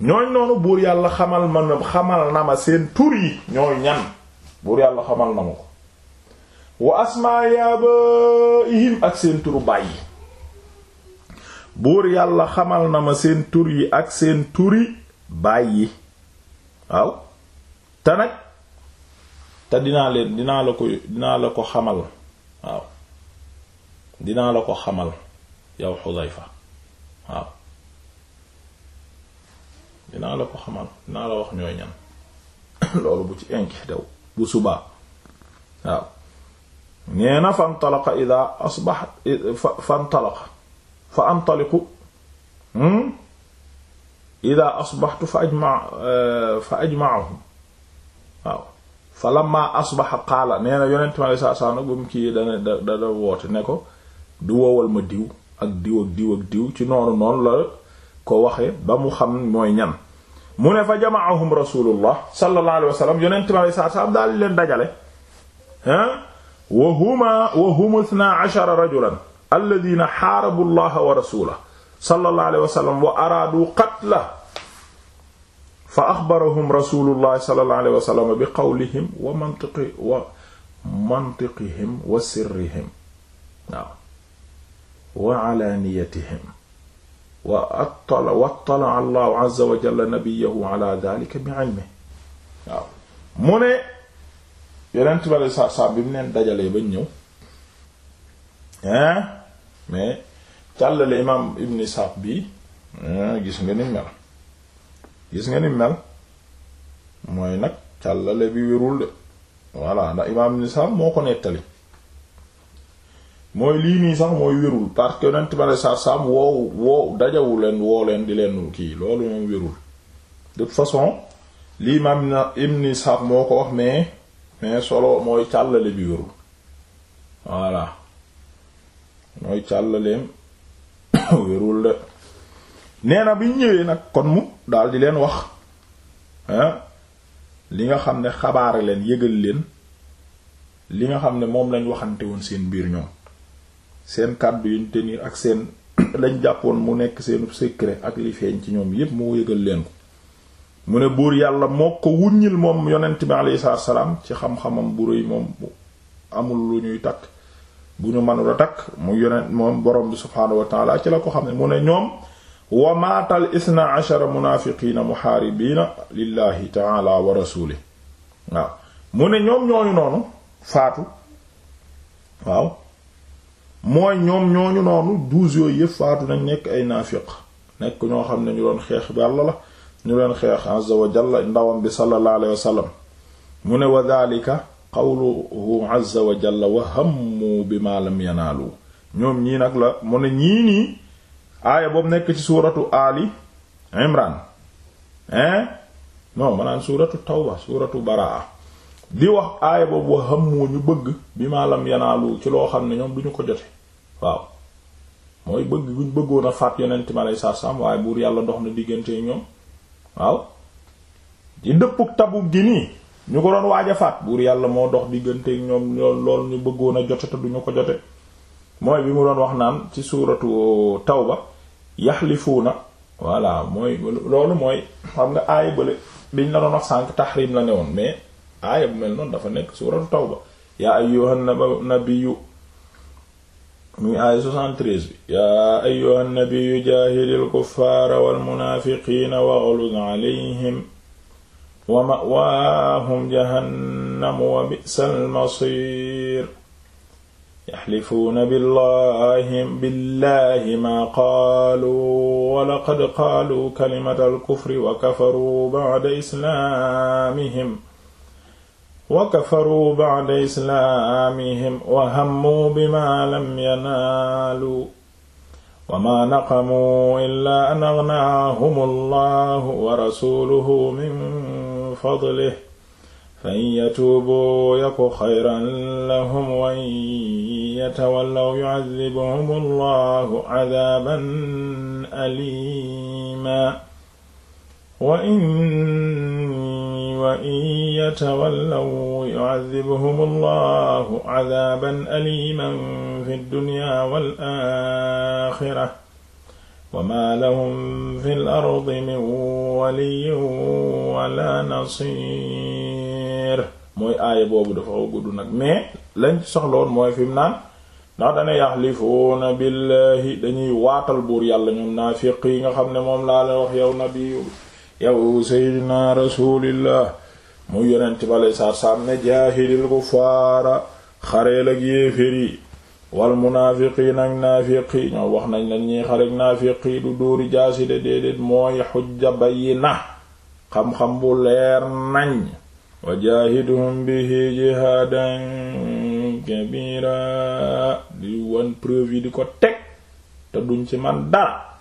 ñooñ buur yàlla xamal ma na ma seen tur yi ñooy ñan buur yàlla xamal na ma ko wa asmaa'i aabaa'ihim ak seen turu bàyyi buur yàlla xamal na ma seen tur yi ak seen yi bàyyi waaw te nag te dinaa dinaa la ko dinaa la ko xamal dinaa la ko xamal yow Xudayfa dinaa la ko xamal dinaa la wax ñooy ñan loolu bu ci inquiété wu bu subaa waaw nee na fa antalaqa hmm? ida asbax fa asbaxtu fa ajma eh, fa fa lamma asbaxa qaala nee na yonent mi alei satu salaam nag ba mu kii dana da da woote ne ko du woowal ma diw ak diw ak diw ak diw ci noonu noonu la ko waxe ba mu xam mooy ñan mu ne fa jamaahum rasulullah sallallahu alayhi wa sallam yonent mi alei satu salaam daal leen dajale ah wa huma wa hum isna ashara rajulan alladina xaarabu allaha wa rasulahu sallallahu alayhi wa sallam wa araadu qatla fa axbarahum rasulullahi sallallahu alayhi wa sallam bi qawlihim wa mantiqi wa mantiqihim wa sirrihim waaw wa alaaniyatihim wa attala wa attala allahu azza wa jalla nabiyahu ala dhalika bi ilmi waaw mu ne yeneen tibale sa sa bi mu neen dajalee bañ ñëw hein mais càllale imaam ibn Sa'd bi gis nga ni mel gis nga ni mel mooy nag càllale bi wérul de voilà ndax imaam nisam moo ko nettali mooy lii nii sax mooy wérul parce que yonent bale sarsam woow woow dajawu leen woo leen di leen kii loolu moom wérul de toute façon lii imaam ibn Isaaq moo ko wax mais mais solo mooy càllale bi wérul voilà mooy càllaleem wérul de nee na bi ñëwee nag kon mu daal di leen wax li nga xam ne xabaare leen yëgal leen li nga xam ne moom lañ waxante woon seen biir ñoom seen kàddu yuñ nii ak seen lañ jàppoon mu nekk seenu secret ak li feeñ ci ñoom yépp mu yëgal leen ko mu ne buur yàlla moo ko wuññil moom yonent bi alayhi salaatu salaam ci xam-xamam bu rëy moom amul lu ñuy takk bu ñu mënula takk mu yonent moom borom bi subhaanahu wa taala ci la ko xam ne mu ne ñoom wa maatal isna ashara munaafiqiina muhaaribiina lillahi taala wa rasuli waaw mu ne ñoom ñooñu noonu faatu waaw mooy ñoom ñooñu noonu douze yooyu yëpp faatu nañ nekk ay naafiq nekk ñoo xam ne ñu doon xeex bi Yàlla la ñu leen xeex azza wa ndawam bi sallallahu alayhi wa mu ne wa daalika qawluhu azza wa jalla wa hammu bima lam yanaalu ñoom ñii nag la mu ne ñii nii aaya boobu nekk ci suuratu ali imran hein non maanaam suuratu tawba suuratu baraa di wax aaya boobu wa hammu ñu bëgg bi maalam yanaalu ci loo xam ne ñoom du ko jote waaw mooy bëgg buñ bëggoon a faat yonent ma lay sarsam waaye buur yàlla dox na diggante ñoom waaw ci dëppug Tabuk gi nii ñu ko doon waaj faat buur yàlla moo dox diggante ñoom lool ñu bëggoon a jote te ko jote mooy bi mu doon wax naam ci suuratu tawba yaxlifuuna voilà mooy loolu mooy xam nga aaya bële biñ la doon sànq tahrim la ne woon bu mel noonu dafa nekk suuratu tawba yaa ayyuhan nabiyyu muy aaya 73 bi yaa ayyuhan nabiyyu jaahidil wa ma'waahum jahannamu wa bi'sal masiir yaxlifuuna billahi billahi maa qaalu walaqad qaalu kalimata alkufri wa kafaruu bacda islaamihim wa kafaruu bacda islaamihim wa hammuu bimaa lam yanaaluu wa maa naqamuu illaa an agnaahum allahu wa rasuuluhu min fadlihi fa in yatuubu yaku xayran lahum wa in yatawallaw yu'adhibuhum allahu adaaban aliima wa in wa in yatawallaw yu'adhibuhum allahu adaaban aliiman fi dunya wal aaxira wama lahum fil ardi min waliyyin wala nasiir mooy aaya boobu dafa xaw gudd nag mais lañ soxloon mooy fi mu naan ndax dana yaxlifuuna billahi dañuy waatal buur yàlla ñoom naafiq yi nga xam ne moom laa la wax yow nabiyu yow seydina rasulillah mu yonent balay saar saam ne jaahidil kuffaara xareel ak yéefér yi wal munaafiqiin ak naafiq yi ñoom wax nañ ne ñuy xare ak naafiq yi du dóori jaaside déedéet mooy xujja bayina xam-xam bu leer nañ wajaahidhum bihi jihaadan kabira di wan preuve di ko teg te duñ ci man dara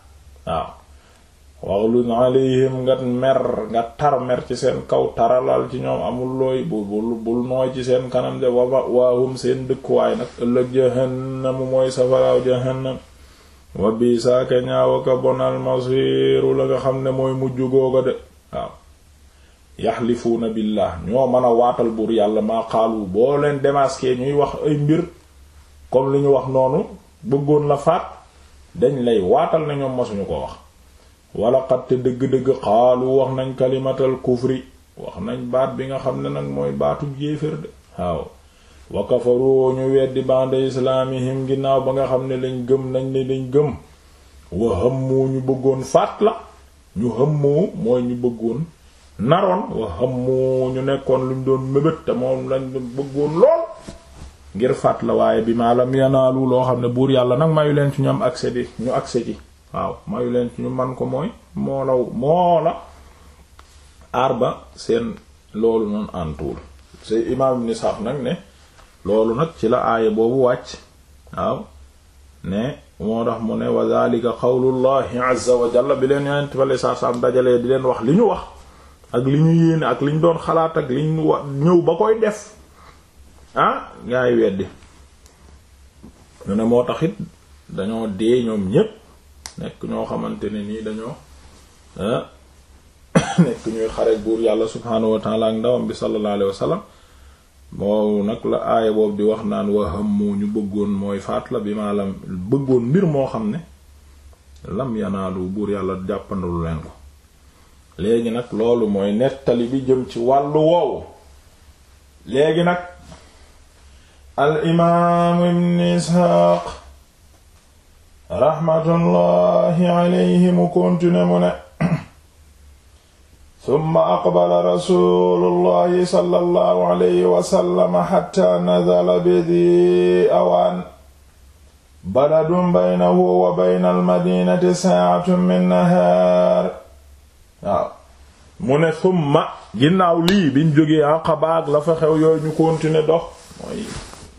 waaw waxlun alayhim nga mer nga tar mer ci seen kaw taralal ci ñoom amul looy bu bul nooy ci seen kanam de waba waahum seen dëkkuwaay nag ëllëg jahannamu mooy safaraaw jahannam wa bi saaka ñaaw aka bonal la nga xam ne mooy mujj googa de waaw yaxlifuuna billah ñoo mën a waatal buur yàlla maa xaalu boo leen démasqué ñuy wax ay mbir comme lu ñu wax noonu bëggoon la faat dañ lay waatal na ñoom masuñu ko wax wala xatte dëgg-dëgg xaalu wax nañ kalimatal kufri wax nañ baat bi nga xam ne nag mooy baatu yéefér de waaw wakafaroo ñu weddi bande islaamihim ginnaaw ba nga xam ne lañ gëm nañ ne lañ gëm wa xëmmoo ñu bëggoon faat la ñu xëmmoo mooy ñu bëggoon naroon wa hammu ñu nekkoon lu mu doon mébét te moom lañ bëggoon lool ngir fàtt la waaye bi maa lam yanaalu loo xam ne buur yàlla nag mayu leen ci ñu am accès di ñu accès ci waaw mayu leen ci ñu man ko mooy moo law moo la aar ba seen loolu noonu antuwul c'est imaam ibn nag ne loolu nag ci la aaya boobu wàcc waaw ne moo tax mu ne wa zalika qawlullahi bi leen yonent bale saar dajalee di leen wax li ñu wax ak li ñu yéene ak li ñu doon xalaat ak li ñu wa ñëw ba koy def ah ngay weddi ñu ne moo taxit dañoo dee ñoom ñépp nekk ñoo xamante ne nii dañoo ah, nekk ñuy xareek buur yàlla subhaanahu wa ndawam bi sallallahu alayhi wa nag la aaya boobu di wax naan waxam moo ñu bëggoon mooy faat la bi maa la bëggoon mbir moo xam ne lam yanaalu buur yàlla jàppandalu leen ko léegi nag loolu mooy nettali bi jëm ci wàllu woowu léegi nag al imaam ibn isxaaq raxmatullaahi alayhi mu kontine mu ne summa aqbala rasuulullaahi sallallaahu alayhi wasallama xatta nazala bi di awaan baladun baynahu wa bayna almadinati saa'atun min nahaar waaw mu ne summa ginnaaw lii biñ jógee Aqaba ah, ak la fa xew yooyu ñu continuer dox mooy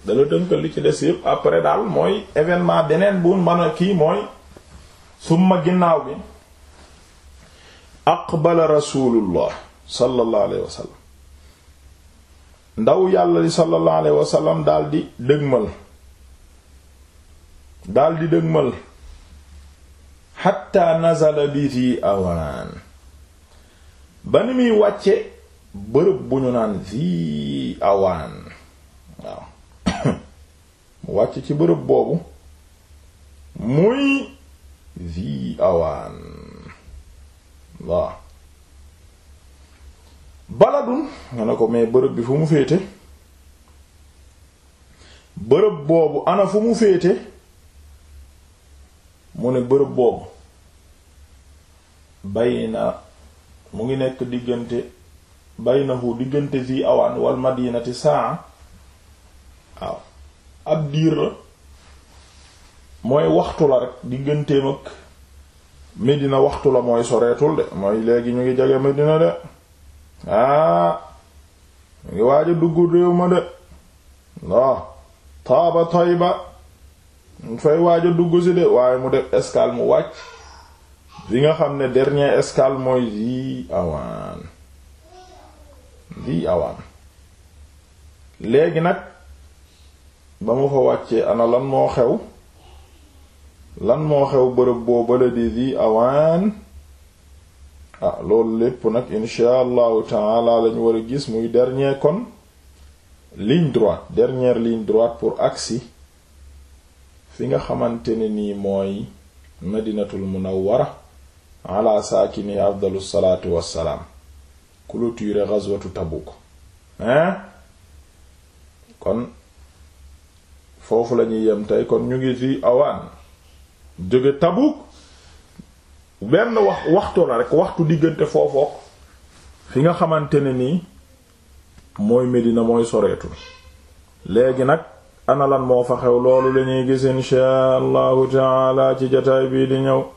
dala tënkal li ci des yëpp après daal mooy événement beneen bu mën a kii mooy summa ginnaaw bi aqbala rasulullah sallallahu alayhi wa sallam ndaw yàlla li sallallahu alayhi wa sallam daldi dëgmal daldi dëgmal hatta nazala bihi awaan ba ni muy wàcce bërëb bu ñu naan zi awaan waaw mu wàcc ci bërëb boobu muy zi awaan waaw baladun nga ne ko mais bërëb bi fu mu féete bërëb boobu ana fu mu féete mu ne bërëb boobu bayna mu ngi nekk diggante baynahu diggante zi awaan wal madinati saa waaw ab diir la mooy waxtu la rek digganteem mi dina waxtu la mooy soreetul de mooy léegi ñu ngi jege Medina de ah ñu ngi waaja a dugg réew ma de waaw taaba Tayba ñu fay waaj a dugg si de waaye mu def escale mu wàcc. bi nga xam ne dernier escale mooy zi awaan zi awaan léegi nag ba mu fa wàccee ana lan moo xew lan moo xew bërëb boobale di zi awaan ah loolu lépp nag insha allahu taala lañu war a gis muy dernier kon ligne droite dernière ligne droite pour agsi fi nga xamante ne nii mooy madinatul munawwara ala saakini afdalu salaatu wassalaam clôturer ghazwatu Tabuk hein kon foofu lañuy yem tey kon ñu ngi ci awaan jóge Tabuk benn wax waxtu la rek waxtu diggante foofook fi nga xamante ne nii mooy Medina mooy soreetul léegi nag ana lan moo fa xew loolu lañuy gis insha allahu taala ci jataay bii di ñëw